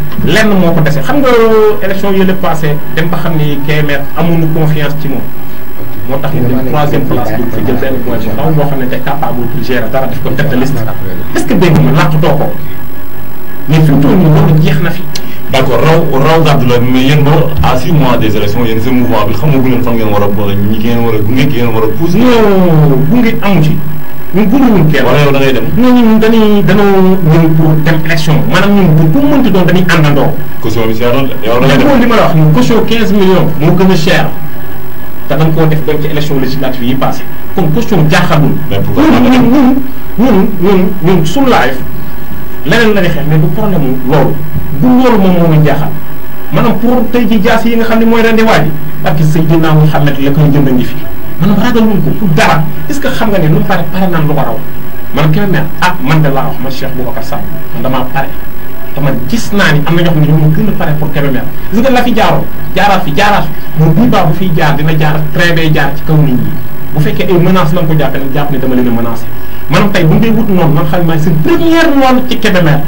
lenn moo ko dese xam nga élection yële passé dem ba confiance troisième place gérer dara def ko liste. est ce que ko fi ñun pour ñun kenn wala yow da ngay dem ñooñu ñun dañuy dañoo ñëw pour dem élection maanaam ñun pour ku mënti doon dañuy àndandoo. caution bi seeroon yow da ngay dem li ma la wax ñun caution 15 millions moo gën a cher te dañ koo def dem ci élection législative yi passé kon caution jaaxalul. ñun ñun ñun ñun ñun suñu live leneen la ñu xeex mais du problème mu loolu du loolu moom moo ñu jaaxal maanaam pour tey ci jaas yi nga xam ne mooy rendi waaj ak sëñ bi naa muy xàmmet la koy jënd ngi fi. ma ragal wuñ ko pour dara est que xam nga ne lu mu pare pare naan lu ko raw man keneen ne ah man de laa wax man Cheikh Boubacar Sall man damaa pare te gis naa ni am na ñoo xam ne ñoo gën a pare pour Kébémer gis nga la fi jaaroo jaaraat fi jaaraat fi mu baa bu fiy jaar dina jaar très bien jaar ci kaw nit ñi bu fekkee ay menaces la ko jàppee nag jàpp ne dama leen a menacé maanaam tey bu ñu koy wut noonu man xam naa seen première noonu ci Kébémer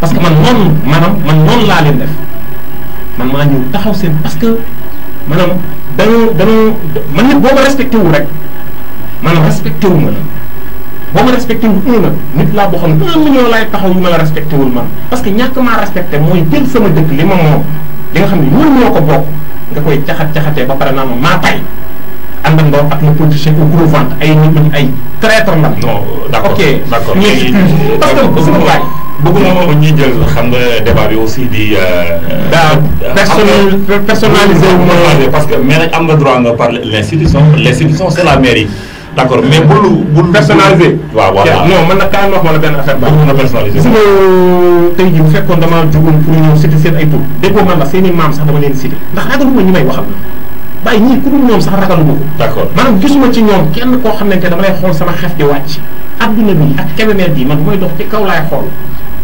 parce que man noonu maanaam man noonu laa def man maa ñëw taxaw seen parce que maanaam dañu dañu man nit boo ma respecté wu rek man respecté wu ma boo ma wu un la nit laa boo xam ne un million laay taxaw yu ma la respecté wul man parce que ñàkk maa respecté mooy jël sama dëkk li ma moom li nga xam ne ñun ñoo ko bokk nga koy caxat-caxatee ba pare naa moom maa tay àndandoo ak le politicien au gros ventre ay nit lañ ay traître la non d'accord ok d'accord parce que su bëgg na ñuy jël xam nga débat bi aussi di. Euh, euh, daa personnel personnalisé parce que mais nag am droit nga parler l' institution l' institution c' la mairie. d'accord mais bu lu bu personnalisé. non man nag kaay wax wala benn affaire baax. personnalisé gis nga tey jii bu fekkon dama jugoon pour ñëw cité seen ay tur. déggoo man la seen i sax dama len cité ndax ma ñi may wax bàyyi ñii ku dul ñom sax ragaluma ko. d' accord gisuma ci ñom kenn ko xam ne dama lay xol sama xef di wacc adduna bi ak Kébémer bi man bu dox ci kaw lay xol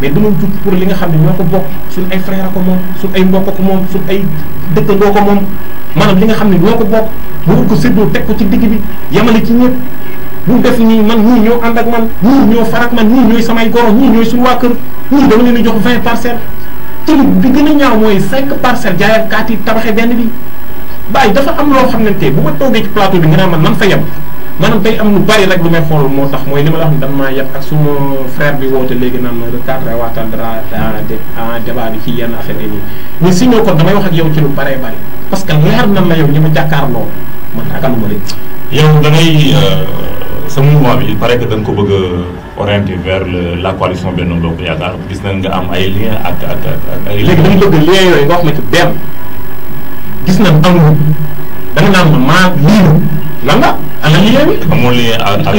mais dañoo jug pour li nga xam ne ñoo ko bokk suñ ay frère ko moom suñ ay mbokk ko moom suñ ay dëkkandoo ko moom maanaam li nga xam ne ñoo ko bokk warul ko séddoo teg ko ci digg bi yamale ci ñëpp bu def nii man ñii ñoo ànd ak man ñii ñoo farak man ñii ñooy samay goro ñii ñooy suñu waa kër ñii dama leen di jox vingt parcel te bi gën a ñaaw mooy cinq parcelles jaayat kaat yi tabaxee benn bi bàyyi dafa am loo xamante bu ma toogee ci plateau bi nga naa man man fa yem manam tay am lu bari rek bu may xol mo tax moy lima la wax dama yak ak suma frère bi wote legi nan ma recadrer watal dara de en ah, débat bi ci yenn affaire ni ni si ko dama wax ak yow ci lu bari bari parce que leer nan la yow ñima jakar lo man akam mo le yow da ngay euh, sa mouvement bi il paraît que dang ko bëgg orienté vers le, la coalition benno bokk yaakar gis na nga am ay lien ak ak ak ay dama bëgg lien yoy nga wax ma ci ben gis na am da nga naan ma li la nga ana lien bi. amul lien ak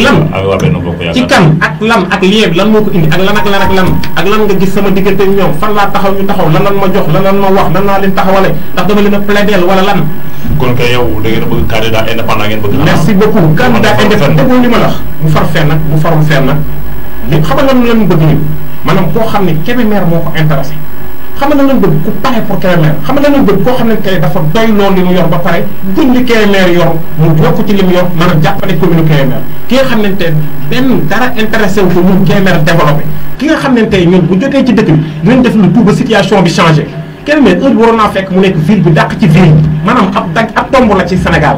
ci kan ak lan ak lien bi lan moo ko indi ak lan ak lan ak lan ak lan nga gis sama diggante ak ñoom fan laa taxaw ñu taxaw lan lan ma jox lan lan ma wax lan laa leen taxawale ndax dama leen a plaideel wala lan. kon kay yow da ngeen a bëgg candidat indépendant ngeen bëgg. merci beaucoup candidat indépendant bëggul li ma la bu far fenn nag bu farum fenn nag. li xamal lan lan bëgg ñu maanaam koo xam ne Kébémer moo ko intéressé. xamna nga lañ ku pare pour Kébémer xam nga lañ bëgg koo xam dafa doy loolu li yor ba pare dindi Kébémer yor mu bokk ci li yor maanaam jàppale commune Kébémer ki nga xam ne tey dara intéressé wu ko ñun Kébémer développé ki nga xam ne ñun bu jotee ci dëkk bi dinañ def lu tout ba situation bi changé Kébémer heure waroon fekk mu nekk ville bi dàq ci ville maanaam ab daj ab tomb la ci Sénégal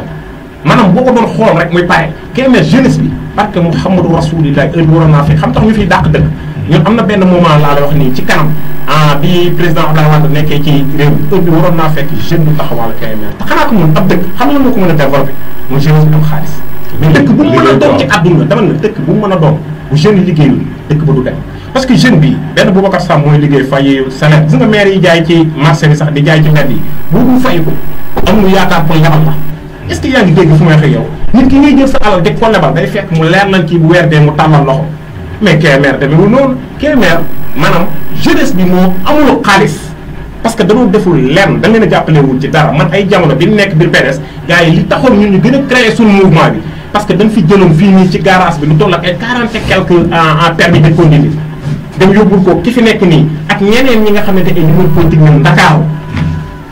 maanaam boo ko doon rek muy pare Kébémer jeunesse bi parce que Mouhamadou Rasoulillah heure waroon fekk xam tax ñu fiy dàq dëkk ñun am na moment laa la wax nii ci kanam ah bi président Abdoulaye Wade nekkee ci réew mi heure bi waroon naa fekk jeune bu taxawal KMH te xanaa ko moom ab dëkk xam nga moo ko mën a développé mu jeune bi am xaalis. mais dëkk bu mu mën a doon dëkk bu mu mën a doon bu jeune yi liggéeyul dëkk ba du dem parce que jeune bi benn Boubacar Sam mooy liggéey fay salaire gis nga maire yi jaay ci marché sax di jaay ci mbedd yi boobu fay ko amul yaakaar pour lebal la est-ce que fu may xëy yow nit ki ngay jël sa alal deg ko lebal day fekk mu leer nañ kii weer dee mu tàllal loxo mais Kébémer demewul manam jeunesse bi moo amuloo xaalis parce que dañoo deful lenn dañ leen a jàppalewul ci dara man ay jamono bi nekk bir PDS gars yi li taxoon ñun ñu gën a créer suñu mouvement bi parce que dañ fi jëloon fii nii ci garage bi lu toll ak ay quarante et quelques euh, en permis de conduire dem yóbbul ko ki fi nekk nii ak ñeneen ñi nga xamante ay numéro politique ñoom Dakar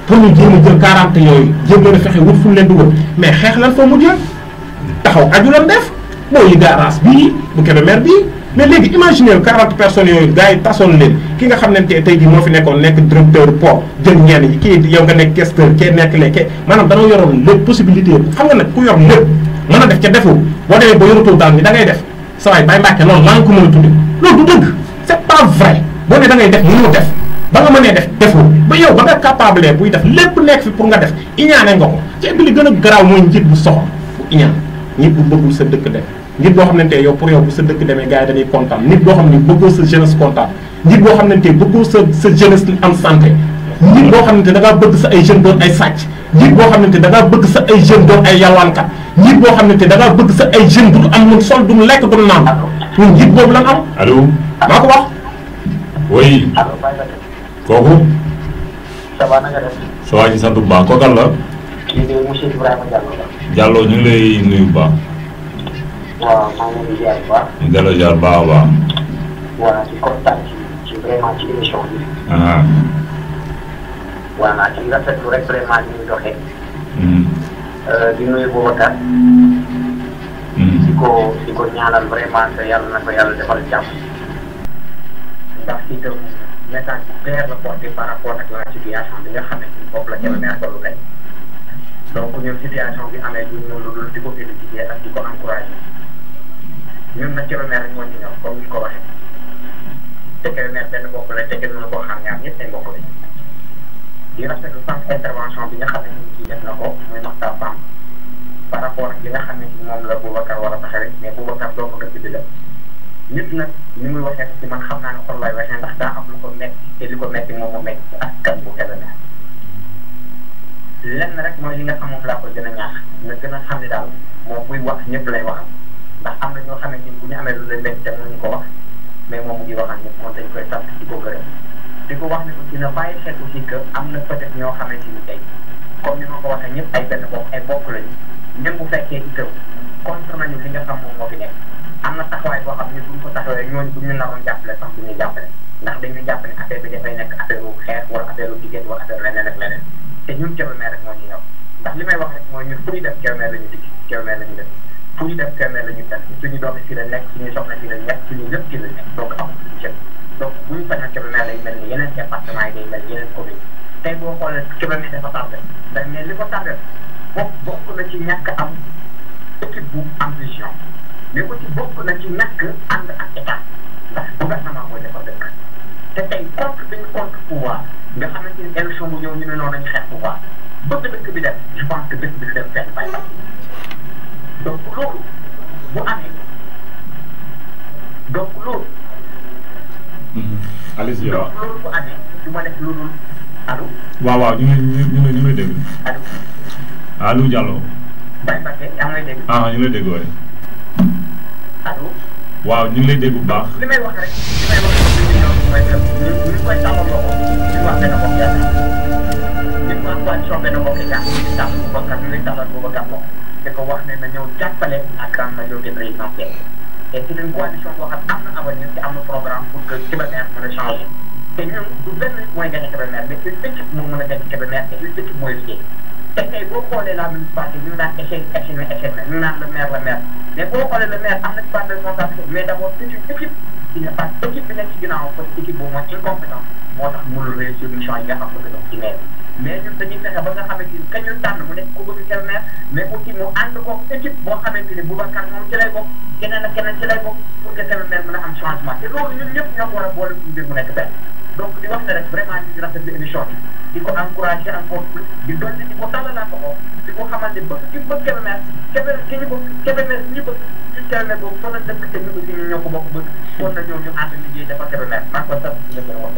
pour ñu jéem a jël quarante yooyu jéem leen a fexe wut fu leen dugal mais xeex lan foo mujjee taxaw aju lan def boo yi garage bii bu Kébémer bii mais légui imaginer 40 personnes yoy gars tassone tasoon ki nga xam ne tey tey jii moo fi nekkoon nekk directeur port jël ñenn yi ki yow nga nekk questeur kee nekk le manam maanaam danoo yoroon lépp possibilité xam nga nak ku yor lepp mën def ci defu boo demee ba yoratul daal ni da ngay def sa waay Baye Mbacke loolu maa ko mën a tudde loolu du dëgg c'est pas vrai boo ne da ngay def ñu def ba nga mëne def defoo ba yow ba nga capable buy def lepp nekk fi pour nga def iñaane nga ko ci bi li gën a garaaw mooy bu soxor bu iñaan ñi bu bëggul sa dëkk def nit xamne xamante yow pour yow bu sa dëkk demee gaay dañuy kontaan nit bo xamne ne bëggoo sa jeunesse kontaan nit xamne xamante bëggoo sa sa jeunesse am santé nit boo xamante da nga bëgg sa ay jeune doon ay sacc nit boo xamante da nga bëgg sa ay jeune doon ay yalwaankat nit boo xamante da nga bëgg sa ay jeune du am mun sol du lekk du naan ñun nit boobu lan am allo mako wax oui kooku saba na nga def soo waa ji ba ko baax kan la kii de monsieur Ibrahima Diallo Diallo ñu lay nuyu ba waaw maa ngi leen di ziar bu baax. di delloo ziar bu baax a baax. voilà di kontaan ci ci vraiment ci émission bi. voilà ci rafetlu rek vraiment ni muy doxee. di nuyu Boubacar. di ko di ko ñaanal vraiment te yàlla na ko yàlla defal jàmm. ndax itam hmm. message bu clair la porté par rapport ak la situation bi nga xamante ni bopp la Kébémer tollu tey. donc ñun situation bi amee du ñu lu ko éduquer ak di ñun nag Kébémer rek moo ñu ñor comme ni ko waxee te Kébémer benn bopp la te kenn mënu koo xam ñaar ñëpp ay bopp lañ di rafetlu sànq intervention bi nga xam ne ñu ngi na ko muy Makhtar Fam par ak li nga xam ne moom la Boubacar a taxawee mais Boubacar doomu dëkk bi la. nit muy waxee ci man xam naa ne xol lay waxee ndax daa am lu ko metti te ko metti moom mu metti askan bu Kébémer lenn rek mooy li nga xam moom laa ko gën ñaax nga gën a xam ne daal moom buy wax ñëpp lay waxal. ndax am na ñoo xamante ni bu ñu amee lu leen dem nañu ko mais moom mu ngi wax ak ñoom moom dañ ko gërëm wax ne aussi na bàyyi xel na peut ñoo xamante ni tey comme ni ma ko ñëpp ay benn bopp ay bopp lañu même bu fekkee itam contre nañu li nga xam moom moo fi nekk am na taxawaay boo xam ne bu ñu ko taxawee ñooñu bu ñu naroon jàppale sax bu ñuy jàppale ndax dañuy jàpp ne affaire bi dafay nekk affaire bu xeex wala affaire bu diggante wala affaire te ñun Kébémer rek moo ñu ñëw ndax li may wax rek mooy ñun fu def Kébémer la ñu dikk Kébémer la ñu def fu ñu def kenn la ñu def suñu doom si la nekk suñu soxna si nekk suñu lépp si la nekk donc amul jëm donc bu ñu sañoon Kébémer day mel ni yeneen département yi day mel ni yeneen commune tey boo xoolee Kébémer dafa tardé ndax mais li ko tardé bokk bokk na ci ñàkk am équipe bu ambition mais aussi bokk na ci ñàkk ànd ak état ndax gouvernement mooy defar dëkk te tey contre bi ñu contre pouvoir nga xamante ni élection bu ñëw ñu ne noonu dañu xeex pouvoir bëgg dëkk bi def je pense que dëkk bi du donc loolu bu ñu ñu ñu ngi dégg. allo. allo Diallo. Ah, ñu ngi lay dégg waaye. waaw ñu ngi lay dégg bu baax. ñu ngi koy sàmm da ko wax ne na ñëw jàppale à grande majorité présidentielle et c'est une coalition boo xam am na avenir te am na programme pour que Kébémer a changé te ñun du benn nit mooy gagné Kébémer mais une équipe moo mën a gagné Kébémer te une équipe mooy liggéey te tey boo xoolee la municipalité ñu naan échec échec na échec na ñu naan le maire le maire mais boo xoolee le maire am na ci part de responsabilité mais d' abord c'est une équipe qui n'est pas équipe bi nekk ci ginnaaw moo tax mënul réussir mission yi nga xam ne dafa ci mais ñun dañuy fexe ba nga xamante ni kañ la tànn mu nekk ku bëgg Kébémer mais aussi mu ànd boo xamante ni Boubacar moom ci lay bokk keneen ak keneen ci lay bokk pour que Kébémer mën a am changement te loolu ñun ñëpp ñoo ko war a boole suñu mbir mu nekk benn donc di wax ne rek vraiment ñu ngi rafetlu émission bi di ko encouragé encore plus di dolli di ko tàllalaat ko di ko xamante bëgg ci bëgg Kébémer Kébémer ki ñu bëgg Kébémer ñu bëgg ñu Kébémer boobu fa la dëkk te ñu aussi ñoo ko bokk bëgg kon na ñëw ñu ànd liggéey dafa Kébémer maa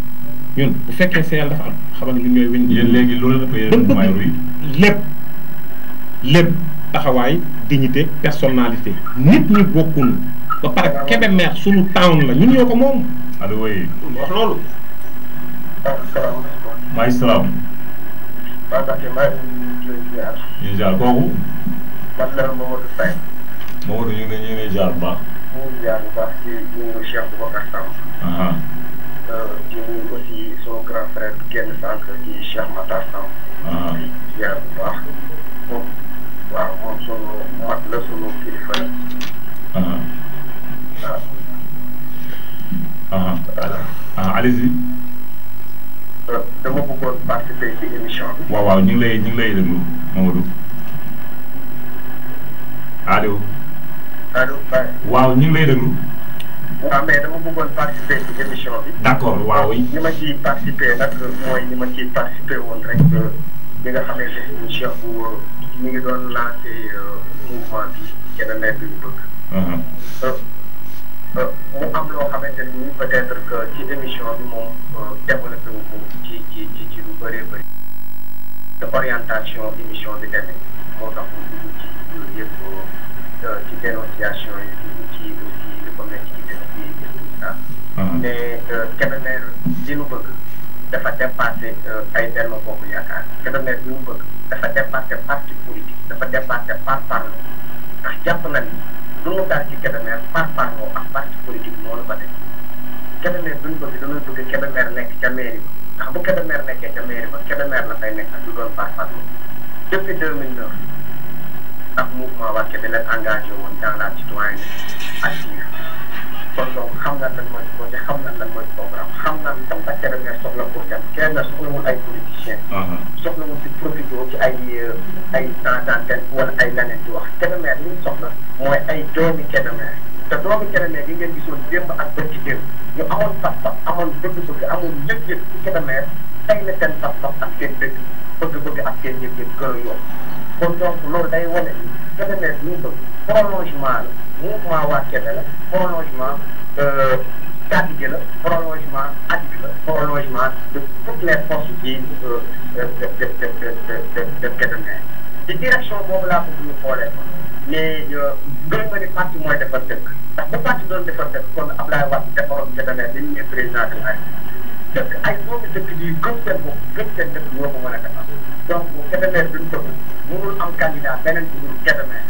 ñun bu fekkee seyal dafa am xamal ñun ñooy wéñ. yéen léegi loolu la lépp lépp taxawaay dignité personnalité. nit ñi bokkul ba pare Kébémer suñu town la ñun ñoo ko moom. allo salaam. waaw parce que maa ngi leen di ziar. ñu ziar kooku. baax. di nuyu aussi grand frère kenn sànq ci la ah ah allez-y. dama bëggoon participer ci émission bi. waaw waaw ñu ngi lay waaw mais dama bëggoon participer ci émission bi. d' accord waaw yi. ma ma ciy participer nag mooy li ma ciy participer woon rek bi euh, nga xamee ne ni chef bu mi euh, ngi doon lancé euh, mouvement bi kenn nekk bi bëgg. Mhm. mu am loo xamante ni peut être que ci émission bi moom développé wu ko ci ci ci ci lu bëree bëri. te orientation émission bi demee moo tax mu dugg ci loolu yëpp ci dénonciation yi. ne euh, Kébémer li mu bëgg dafa dépassé euh, ay benn boobu yaakaar Kébémer li mu bëgg dafa dépassé parti politique dafa dépassé par parlo ndax jàpp na ni lu mu daal ci Kébémer par parlo ak parti politique noonu ba def Kébémer duñ bëgg dañoo bëgg Kébémer nekk ca mairie ba ndax bu Kébémer nekkee ca mairie ba Kébémer la fay nekk du doon par parlo depuis 2009 ak mouvement waa Kébémer engagé woon dans la citoyenneté active kon donc xam nga lan mooy nag soxlawul ay politicien uh-huh. soxlawul si profité ci ay euh, ay entente wala ay leneen di wax Kébémer li ñu soxla mooy ay doomi Kébémer te doomi Kébémer yi ngeen gisoon démb ak bët ci démb ñu amoon pas-pas amoon bëgg-bëgg amoon yëg-yëg ci Kébémer tey na seen pas-pas ak seen bëgg bëgg-bëgg ak seen yëg-yëg gën a yomb kon donc loolu day wane Kébémer ñu bëgg prolongement la mouvement waa Kébé la prolongement euh, stabilité le prolongement actif le prolongement de toutes les forces qui def Kébémer ci direction boobu laa bëgg ñu xoolee ko mais gëm nga ni parti mooy defar dëkk ndax bu parti doon defar dëkk kon Abdoulaye Wade defaroon Kébémer dañu ne président de la dëkk ay doomi dëkk yu gëm seen bopp gëm seen dëkk ñoo ko mën a defar donc Kébémer bi ñu bëgg mënul am candidat beneen bu dul Kébémer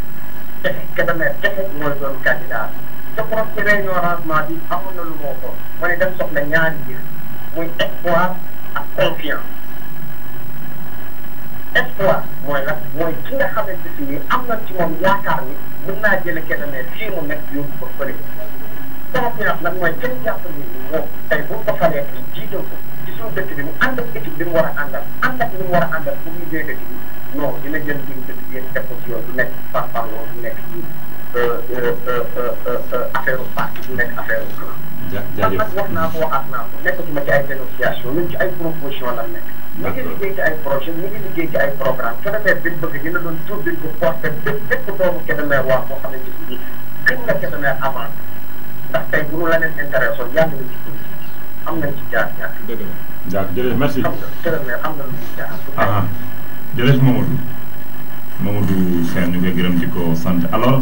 kese Kébémer kese mooy doon candidat te projet ci réunion arrangement bi amoon na lu moo ko ma ne dem soxla ñaari mbir muy espoir ak confiance espoir mooy la mooy ki nga xamante si nii am na ci moom yaakaar ni mën naa jële kenn ne fii mu nekk yóbbu ko fële confiance nag mooy kenn jàpp ni moom tey bu ko falee ci jiital ko ci suñu dëkk bi mu ànd ak équipe bi mu war a àndal ànd ak li mu war a àndal pour liggéey dëkk bi non dina jël suñu dëkk bi yéen teg ko ci yoon du nekk par par loolu du nekk affaire parti bu nekk affaire bu gën. ja jaajëf man nag wax naa ko waxaat naa ko nekkatuma ci ay dénonciation ñun ci ay proposition lan nekk. ñu ngi liggéey ci ay projet ñu ngi liggéey ci ay programme su defee biñ bëgg ñu ne doon tur biñ ko porté bépp bépp doomu Kébémer waa boo xamante ni gën na Kébémer avant ndax tey bu ñu la leen intéressé yàlla nañ ci tuuti am nañ ci jaar ñàkk. dëgg la jaa jërëjëf merci xam nga Kébémer am ah, na lu ñuy jaar. jërëjëf Mamadou Mamadou Sène ñu ngi gërëm di ko sant alors.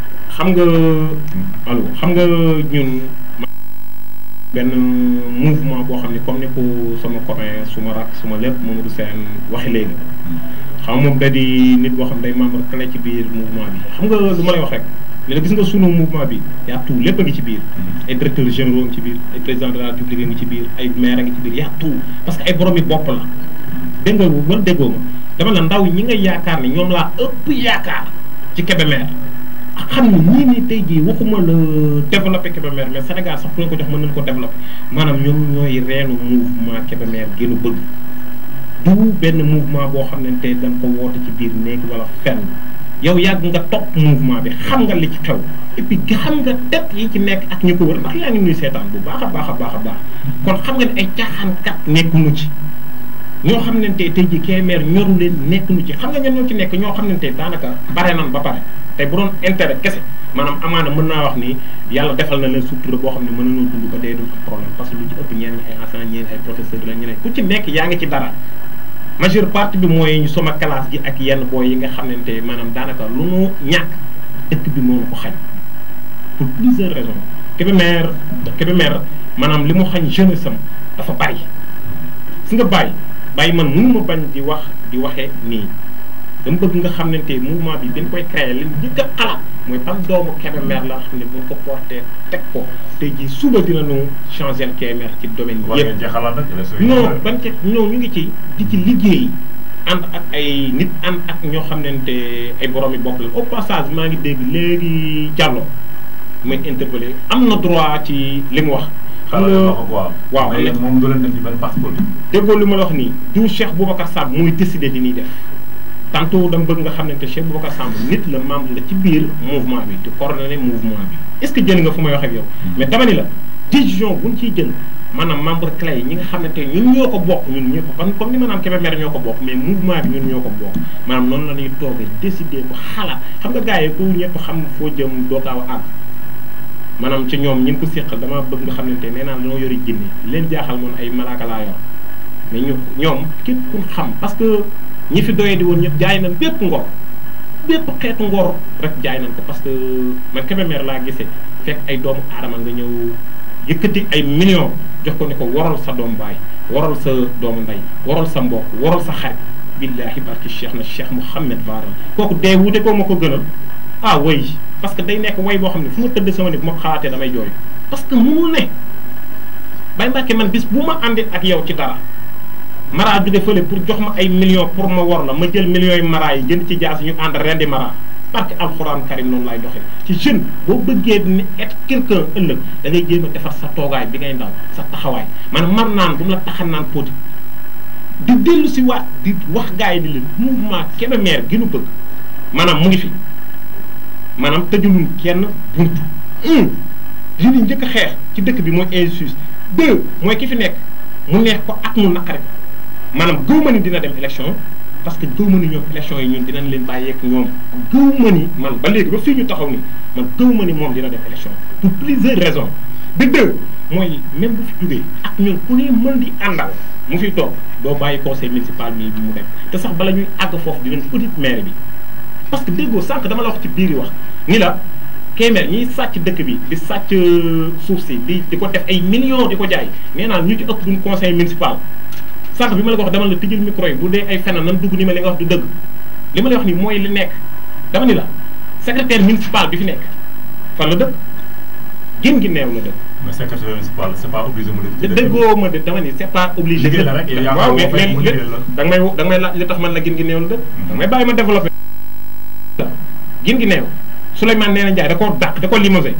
xam nga allo xam nga ñun benn mouvement boo xam ne comme ni ko sama copain suma rakk suma lépp Mamadou Sène waxe léegi xam moom da di nit boo xam ne day membre clé ci biir mouvement bi xam nga lu ma lay wax rek mais nag gis nga sunu mouvement bi y' a tout lépp a ngi ci biir ay directeurs généraux ngi ci biir ay président la république a ngi ci biir ay maire a ngi a tout parce que ay borom bopp la dégg nga wala déggoo ma dama la ndaw ñi nga yaakaar ne ñoom laa ëpp yaakaar ci Kébémer xam ne ñii nii tey jii waxuma la développé Kébémer mais Sénégal sax ku ko jox mën nañu ko développé maanaam ñoom ñooy reenu mouvement Kébémer gënu bëgg du benn mouvement boo xam ne tey ci biir néeg wala fenn yow yàgg nga topp mouvement bi xam nga li ci xew xam nga tête yi ci nekk ak ñu ko wër ndax yaa ngi seetaan bu baax a baax a baax a baax kon xam nga ne ay caaxaankat nekkuñu ci ñoo xam ne tey tey jii Kébémer ñoru leen nekkuñu xam nga ñen ñoo ci nekk ñoo xam ne daanaka bare nan ba pare tey bu doon intérêt kese maanaam amaana mën naa wax ni yàlla defal na leen structure boo xam ne mën nañoo dund ba dee du problème parce que lu ci ëpp ñeen ñi ay enseignants ñeen ay professeurs la ñeneen ku ci nekk yaa ngi ci dara majeure partie bi mooy ñu sama kalaas gi ak yenn booy yi nga xamante maanaam daanaka lu mu ñàkk dëkk bi moonu ko xañ pour plusieurs raisons Kébémer Kébémer maanaam li mu xañ jeunesse am dafa bari si nga bàyyi bàyyi man mënuma bañ di wax di waxee nii dama bëgg nga xam ne tey mouvement bi dañ koy créer li njëkk a mooy ban doomu Kébémer la xam ne bu ko porté teg ko tey jii suba dina nu changer Kébémer ci domaine bi yëpp non ban ca non mu ngi ci di ci liggéey ànd ak ay nit ànd ak ñoo xam ne te ay boromi yi bopp la au passage maa ngi dégg léegi Diallo mooy interpellé am na droit ci li mu wax waaw waaw moom du leen def ci benn parti politique déggoo li ma la wax nii du Cheikh Boubacar Sall mooy décidé li ñuy def tantôt dama bëgg nga xam ne te Cheikh Boubacar Samb nit la membre la ci biir mouvement bi te coordonné mouvement bi est jël nga fu may wax ak yow. Hmm. mais dama ni la décision buñ ciy jël maanaam membre clé yi ñi nga xam ne te ñoo ko bokk ñun ni ñoo ko bokk mais mouvement bi ñun ñoo ko bokk maanaam noonu la ñuy toogee décider bu xalaat xam nga gars yi ku ñëpp xam foo jëm doo gaaw a àgg naam ci ñoom ñi ngi ko séqal dama bëgg nga xam ne te naa dañoo yori jinne leen jaaxal moom ay malaaka laa yor mais ñu ñoom képp ku xam parce ñi fi di woon ñëpp jaay na bépp ngor bépp xeetu ngor rek jaay nañ ko parce que man Kébémer laa gisee ay doomu aadama nga ñëw yëkkati ay millions jox ko ne ko waral sa doom baay waral sa doomu ndey waral sa mbokk waral sa xarit billaahi barki cheikh na cheikh Mouhamed Varal kooku dee wuute koo ma ko gënal ah way parce que day nekk woy boo xam ne fu ma tëdd sama ne bu ma xalaatee damay jooy parce que mënul ne bay Mbàkke man bis bu ma àndi ak yow ci dara mara jóge fële pour jox ma ay million pour ma wor la ma jël millions yi mara yi jënd ci jaas ñu ànd rendi mara parce que alxuraan karim noonu lay doxee ci jeune boo bëggee ni être quelqu'un ëllëg dangay ngay a defar sa toogaay bi ngay ndaw sa taxawaay man mar naan bu mu la taxa naan di dellu si waat di wax gars bi di leen mouvement Kébémer gi nu bëgg maanaam mu ngi fi maanaam tëjulul kenn buntu un li ñu njëkk a xeex ci dëkk bi mooy injustice deux mooy ki fi nekk mu neex ko ak mu naqari ko maanaam gëw ma ni dina dem élection parce que gëw ma ni ñoom élection yi ñun dinañ leen bàyyeeg ñoom gëw ma ni man ba léegi ba ñu taxaw ni man gëw ni moom dina dem élection pour plusieurs raisons de deux mooy même bu fi jógee ak ñun ku ne mën di àndal mu fi toog doo bàyyi conseil municipal mi bi mu dem te sax bala ñuy àgg foofu dinañ audit maire bi parce que déggoo sànq dama la wax ci biir wax ni la Kébémer ñiy sàcc dëkk bi di sàcc euh, suuf si di di ko def ay millions di ko jaay nee naa ñu ëpp duñ conseil municipal sànq bi ma la ko wax dama la tijjal micro yi bu dee ay fenn nan dugg ni ma li nga wax du dëgg li ma la wax ni mooy li nekk dama ni la secrétaire municipal bi fi nekk fan la dëkk gin gi neew la dëkk. mais secrétaire municipal c'est pas obligé mu dëkk. déggoo ma de dama ni c'est pas obligé. liggéey la rek waaw mais léegi da may gi neew la dëkk. Mm-hmm. da bàyyi ma développé. gin gi neew Souleymane nee na Ndiaye da koo dàq da koo limogé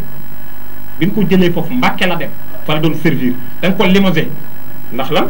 bi ñu ko jëlee foofu Mbàkke la dem fa la doon servir da nga ko limogé ndax lan.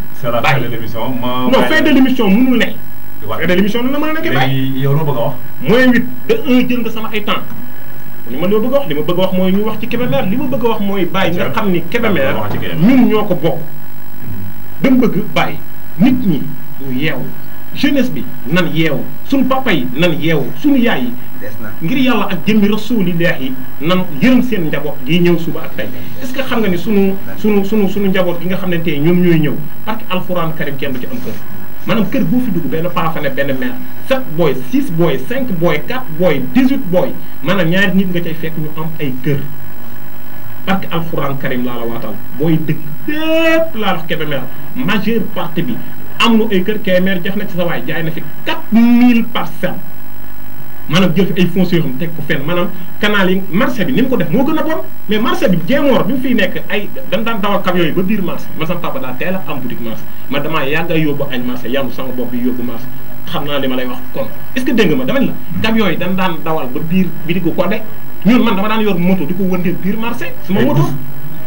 c'est la fin de l'émission ma non fin de l'émission mënul nekk. waaw fin de l'émission dina mën a mooy huit de un jël nga sama ay temps. li ma loo bëgg wax li ma bëgg wax mooy ñu wax ci Kébémer li ma bëgg a wax mooy bàyyi nga xam ni Kébémer ñun ñoo ko bokk. Mm-hmm. dama bëgg bàyyi nit ñi ñu yeewu jeunesse bi nan yeewu suñu papa yi nan yeewu suñu yaay yi ngir yàlla ak jëmmi rasulillahi nan yërëm seen njaboot gi ñëw suba ak eska est ce xam nga ni sunu sunu sunu sunu njaboot gi nga xam ne tey ñoom ñooy ñëw alquran karim kenn du ci am kër manam kër bu fi boy six boy cinq boy quatre boy 18 boy manam ñaari nit nga cay fekk ñu am ay kër alquran karim laa la waatal booy dëkk bépp laa wax kebe mère majeure partie bi amnu ay kër kee mère jox na ci sa way jaay na fi 4000 a jël fi ay foncier yoo xam teg ko fenn maanaam canal yi marché bi ni mu ko def moo gën a bon mais marché bi jéemoor bi mu fiy nekk ay dañ dawal camion yi ba biir marché ma sama a am boutique a yóbbu añ marché yandu sama bopp bi yóbbu marché xam naa li ma lay wax kon est-ce ma dama la camion yi dañ dawal ba biir bi ko ko de ñun man dama daan yor moto di ko wëndeel biir marché su ma moto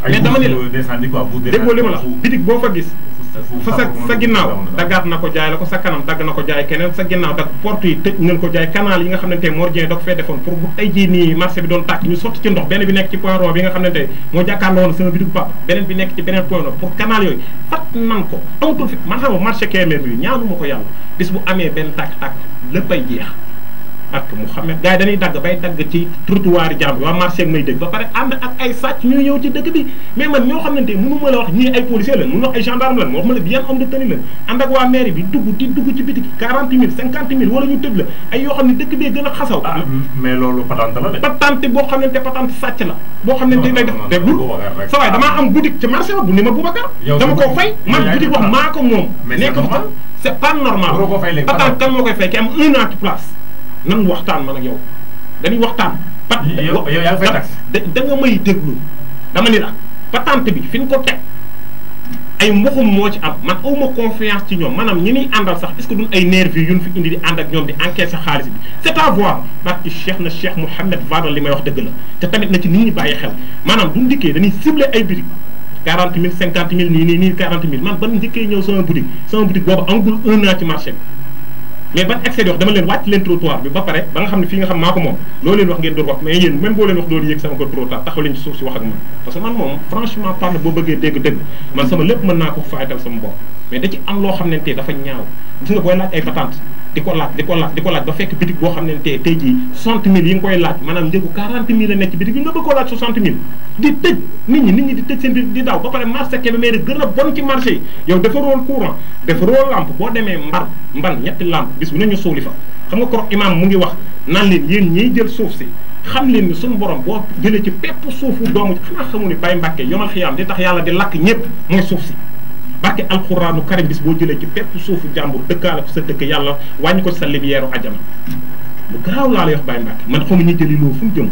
mais dama ni la déggoo li ma la bitig boo fa gis sa sa sa ginnaaw daggaat na ko jaay la ko sa kanam dagg na ko jaay keneen sa ginnaaw dagg porte yi tëj nañ ko jaay canal yi nga xam ne tey Mor Dieng doog fee defoon pour bu tey jii nii marché bi doon tàkk ñu sotti ci ndox benn bi nekk ci point rond bi nga xam ne tey moo jàkkaarloo woon sama bitig pap beneen bi nekk ci beneen point pour canal yooyu fat nan ko amatul fi man xam nga marché Kébémer ñaanuma ko yàlla bis bu amee benn tàkk-tàkk léppay jeex ak Mouhamed gars yi dañuy dagg bay dagg ci trottoir jàmm bi waa marché may dégg ba pare ànd ak ay sàcc ñuy ñëw ci dëkk bi mais man ñoo xamante ne mënu ma la wax ñii ay policier la mënu wax ay gendarme la ak moom nekk fa kan moo koy fay ki am un an ci place nan waxtaan man ak yow dañuy waxtaan. pat yow yaa ngi fay tax da nga may déglu dama ni la patente bi fi ko teg ay mboxum moo ci am man awma confiance ci ñoom maanaam ñi ñuy àndal sax est-ce que duñ ay nervi yu ñu fi indi di ànd ak ñoom di encaisser xaalis bi c'est à voir parce na Cheikh Mouhamed Vadal li may wax dëgg la te tamit na ci nit ñi bàyyi xel maanaam bu ndikkee dañuy cibler ay birig 40 000 50 000 nii nii nii 40 man ban njëkkee ñëw bi mais ban accès di wax dama leen wàcc leen trottoir bi ba pare ba nga xam ne fii nga xam maa ko moom loo leen wax ngeen door wax mais yéen même boo leen wax doolu yéeg sama ko trop tard taxaw leen suuf si wax ak man parce que man moom franchement parle boo bëggee dégg dëgg man sama lépp mën naa ko faytal sama bopp mais da ci am loo xam ne dafa ñaaw gis nga booy laaj ay patente diko ko laaj di ko laaj di laaj ba fekk bitig boo xam ne tey tey jii soixante mille yi nga koy laaj maanaam njëgu quarante mille la nekk ci bitig bi nga bëgg koo laaj soixante mille di tëj nit ñi nit ñi di tëj seen bitig di daw ba pare marché Kébémer gën a bon ci marché yi yow dafa courant dafa rool lampe boo demee mbar mban ñetti lampe bis bu nañu suuli fa xam nga korok imam mu ngi wax naan leen yéen ñiy jël suuf si xam leen ni suñu borom boo jëlee ci pepp suufu doomu xanaa xamu ni Baye Mbàkke yomal xiyaam di tax yàlla di lakk ñëpp mooy suuf si barke alxuraanu karim bis boo jëlee ci pepp suufu jàmbur dëkkaale ko sa dëkk yàlla wàññi ko sa lumière ajana lu garaaw laa lay wax Baye man xamu ñu jëli loolu fu jëm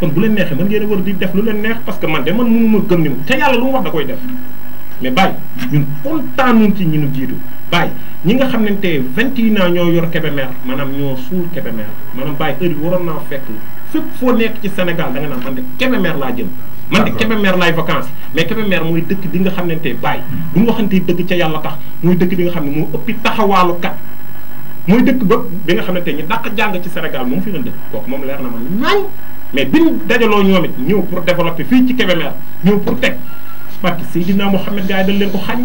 kon bu leen neexee mën ngeen a war di def lu leen neex parce que man de man mënuma gëm ni mu te yàlla lu mu wax da koy def mais Baye ñun kontaanun ci ñu nu jiitu Baye ñi nga xam ne tey vingt et un ñoo yor Kébémer maanaam ñoo suul Kébémer maanaam Baye heure bi waroon naa fekk fépp foo nekk ci Sénégal da nga naan man de Kébémer laa jëm man de Kébémer laay vacances mais Kébémer mooy dëkk bi nga xamante ne bàyyi hmm. bu ñu waxantee dëgg ca yàlla tax mooy dëkk bi nga xam ne moo ëppi taxawaalu kat mooy dëkk ba bi nga xamante ñu dàq jàng ci Sénégal moom fi doon dëkk kooku moom leer na ma naañ mais bi ñu dajaloo ñoom it ñëw pour développer fii ci Kébémer ñëw pour teg parce que Seydina Mouhamed gars yi dañ leen ko xañ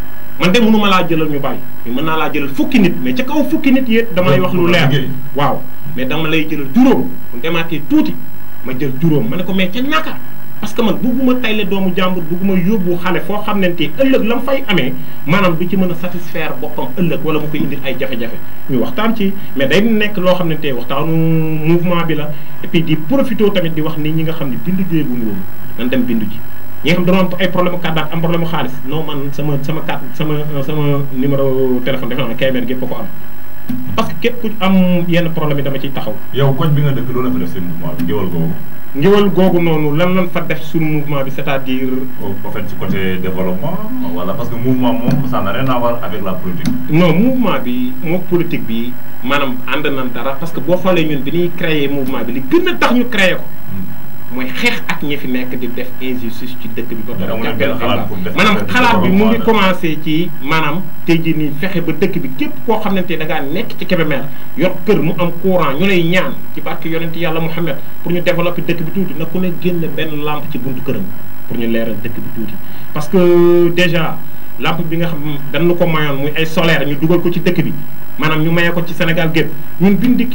man de mënuma laa jëlal ñu bàyyi mais mën naa laa jëlal fukki nit mais ca kaw fukki nit yéen damay wax lu leer waaw mais dama lay jëlal juróom bu demaatee tuuti ma jël juróom ma ne ko mais ca naka parce que man bugguma tayle doomu jàmbur bugguma yóbbu xale foo xam ne te ëllëg la mu fay amee maanaam bu ci mën a satisfaire boppam ëllëg wala mu koy indil ay jafe-jafe ñu waxtaan ci mais day nekk loo xam ne te waxtaanu mouvement bi la et puis di profité tamit di wax ni ñi nga xam ne bindu jéeguñ woon nan dem bindu ji ñi nga xam dañoo am ay problème carte d'identité am problème xaalis non man sama sama carte sama euh, sama téléphone defe naa ne KMN gépp ko am parce que képp ku am yenn problème yi dama ciy taxaw. yow koñ bi nga dëkk loolu la fa def seen mouvement bi ngéwal noonu lan lan fa def suñu mouvement bi cest wala parce que mouvement moom ça n'a bi moo politique bi maanaam ànd nañ dara parce que boo xoolee ñun bi ñuy créer mouvement bi li gën a tax ñu créer ko. moy xex ak ñi fi nekk di def injustice ci dëkk bi ko pare maanaam xalaat bi mu ngi commencé ci manam tey jii nii fexe ba dëkk bi képp koo xam da ngaa nekk ci Kébémer yor kër mu am courant ñu lay ñaan ci barke yonent yàlla muhammad pour ñu développer dëkk bi tuuti na ku ne génn benn lampe ci buntu këram pour ñu leeral dëkk bi tuuti parce que déjà lampe bi nga xam dañ ko mayoon muy ay solaire ñu dugal ko ci dëkk bi maanaam ñu maye ko ci Sénégal gépp ñun bi ñu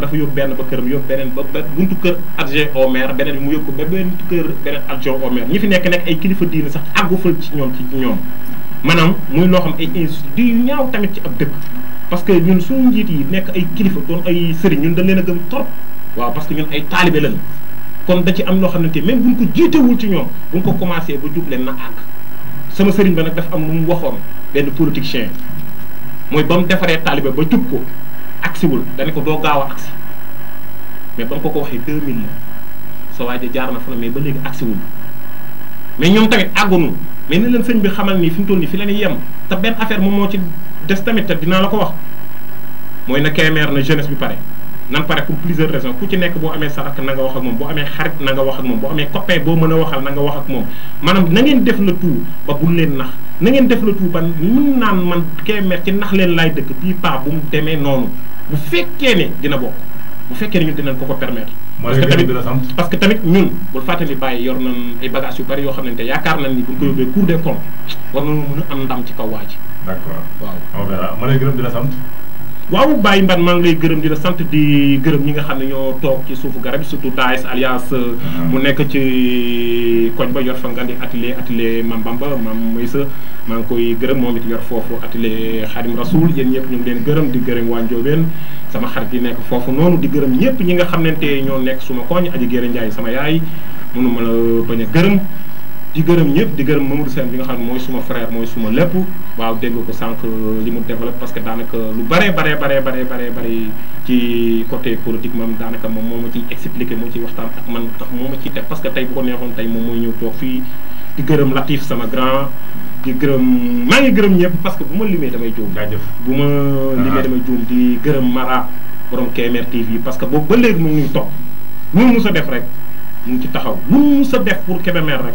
dafa yóbbu benn ba këram yóbbu beneen ba ba buntu kër adjoint au maire beneen bi mu yóbbu ba benn kër beneen adjoint au maire ñi fi nekk nekk ay kilifa diine sax àggu fa ci ñoom ci ñoom maanaam muy loo xam ay institut yu ñaaw tamit ci ab dëkk parce que ñun suñu njiit yi nekk ay kilifa doon ay sëriñ ñun dañ leen a gëm trop waaw parce que ñun ay taalibe lañ kon da ci am loo xamante bu buñ ko jiitewul ci ñoom buñ ko commencé ba jub na sama sëriñ ba nag dafa am lu mu waxoon benn politicien mooy ba mu defaree taalibe ba jub ko agsiwul dane ko doo gaaw a agsi mais ba ko ko waxee deux mille la sa waa ji jaar na fa mais ba léegi agsiwul mais ñoom tamit àggunu mais ni leen sëñ bi xamal nii fi mu toll nii fi leen yem te benn affaire moom moo ci des tamit te dinaa la ko wax mooy na kemeer na jeunesse bi pare nan pare pour plusieurs raisons ku ci nekk boo amee sa rakk na nga wax ak moom boo amee xarit na nga wax ak moom boo amee copain boo mën a waxal na nga wax ak moom maanaam na ngeen def la tout ba bul leen nax na ngeen def la tout ban mun naan man Kébémer ci nax leen laay dëkk bii paa bu mu demee noonu bu fekkee ne dina bokk bu fekkee ne ñun dinañ ko ko permettre parce que tamit parce que tamit ñun bul fàttali bàyyi yor nañ ay bagages yu bari yoo xam ne te yaakaar nañ ni buñ ko yóbbee Cour des comptes war nañoo mën a am ndam ci kaw waa ji d'accord waaw on verra ma lay gërëm di la sant waaw Baye Mban maa ngi lay gërëm di la sant di gërëm ñi nga xam ne ñoo toog ci suufu garab yi surtout Daes euh, mu nekk ci koñ ba yor fa nga di atelier atelier ba Bamba Mam Moïsa maa ngi koy gërëm moom it yor foofu atelier Xadim Rasoul yéen ñëpp ñu ngi leen gërëm di gërëm waa Njoobeen sama xarit yi nekk foofu noonu di gërëm ñëpp ñi nga xam ne te ñoo nekk suma koñ aji Géré Ndiaye sama yaay mënuma la bañ a gërëm di gërëm ñëpp di gërëm Mamadou Sène bi nga xam moy suma frère moy suma lepp waaw dégg ko sank li mu développe parce que danaka lu bare bare bare bare bare bare ci côté politique moom danaka mom moma ci expliquer mo ci ciy waxtaan ak man tax moma ci té parce que tay bu ko neexon tay mom moy ñëw tok fi di gërëm Latif sama grand di gërëm ma ngi gërëm ñëpp parce que buma limé damay joom jaajëf def buma ah. limé damay joom di gërëm Mara borom KMR TV parce que bo ba légui mo ngi tok lu mu sa def rek mu ngi ci taxaw mu sa def pour Kébémer rek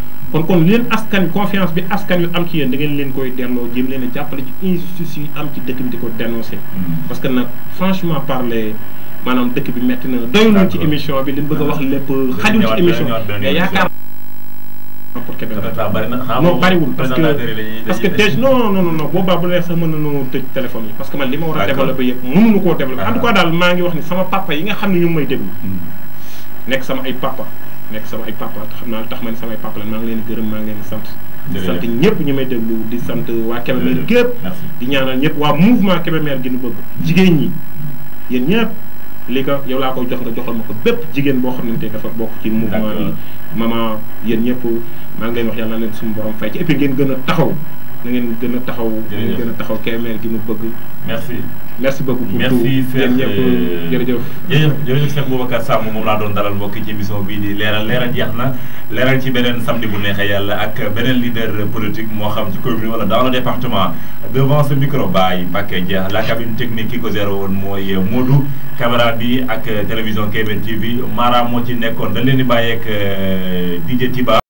kon kon leen askan confiance bi askan yu am ci yéen da ngeen leen koy delloo jéem leen a jàppale ci injustice yi am ci dëkk bi di ko dénoncer. Hmm. parce que nag franchement parler maanaam dëkk bi metti na doy woon ci émission bi li bëgg a wax hmm. lépp xajul ci émission bi mais yaakaar. non bariwul parce que parce que tëj non non non boobaa bu neex sax mën nañoo tëj téléphone yi parce que man li ma war a développé yëpp mënuñu koo développé en tout ah. cas daal maa ngi wax ni sama papa yi nga xam ne ñu may déglu hmm. nekk sama ay papa nekk sama ay papa xam naa tax ma ne ay papa la maa ngi leen di gërëm maa ngi leen di sant sant ñëpp ñu may déglu di sant waa Kébémer gépp di ñaanal ñëpp waa mouvement Kébémer gi nu bëgg jigéen ñi yéen ñëpp li ko yow laa koy jox nga joxal ma ko bépp jigéen boo xam ne dafa bokk ci mouvement bi maman yéen ñëpp maa ngi leen wax yàlla na leen suñu borom fay ci et ngeen gën a taxaw na ngeen gën a taxaw na ngeen gën a taxaw Kébémer gi nu bëgg merci merci beaucoup pour tout yéen ñëpp euh, jërëjëf jërëjëf jërëjëf Cheikh Boubacar Samb moom laa doon dalal mbokki ci émission bii di leeral leeral jeex na leeral ci beneen samedi bu neexee yàlla ak beneen leader politique moo xam ci commune wala dans le département devant ce micro Baye Mbacké Dia la cabine technique ki ko géré woon mooy Modou caméra bi ak télévision Kébé TV Mara moo ci nekkoon dañ leen di bàyyeek euh, DJ ba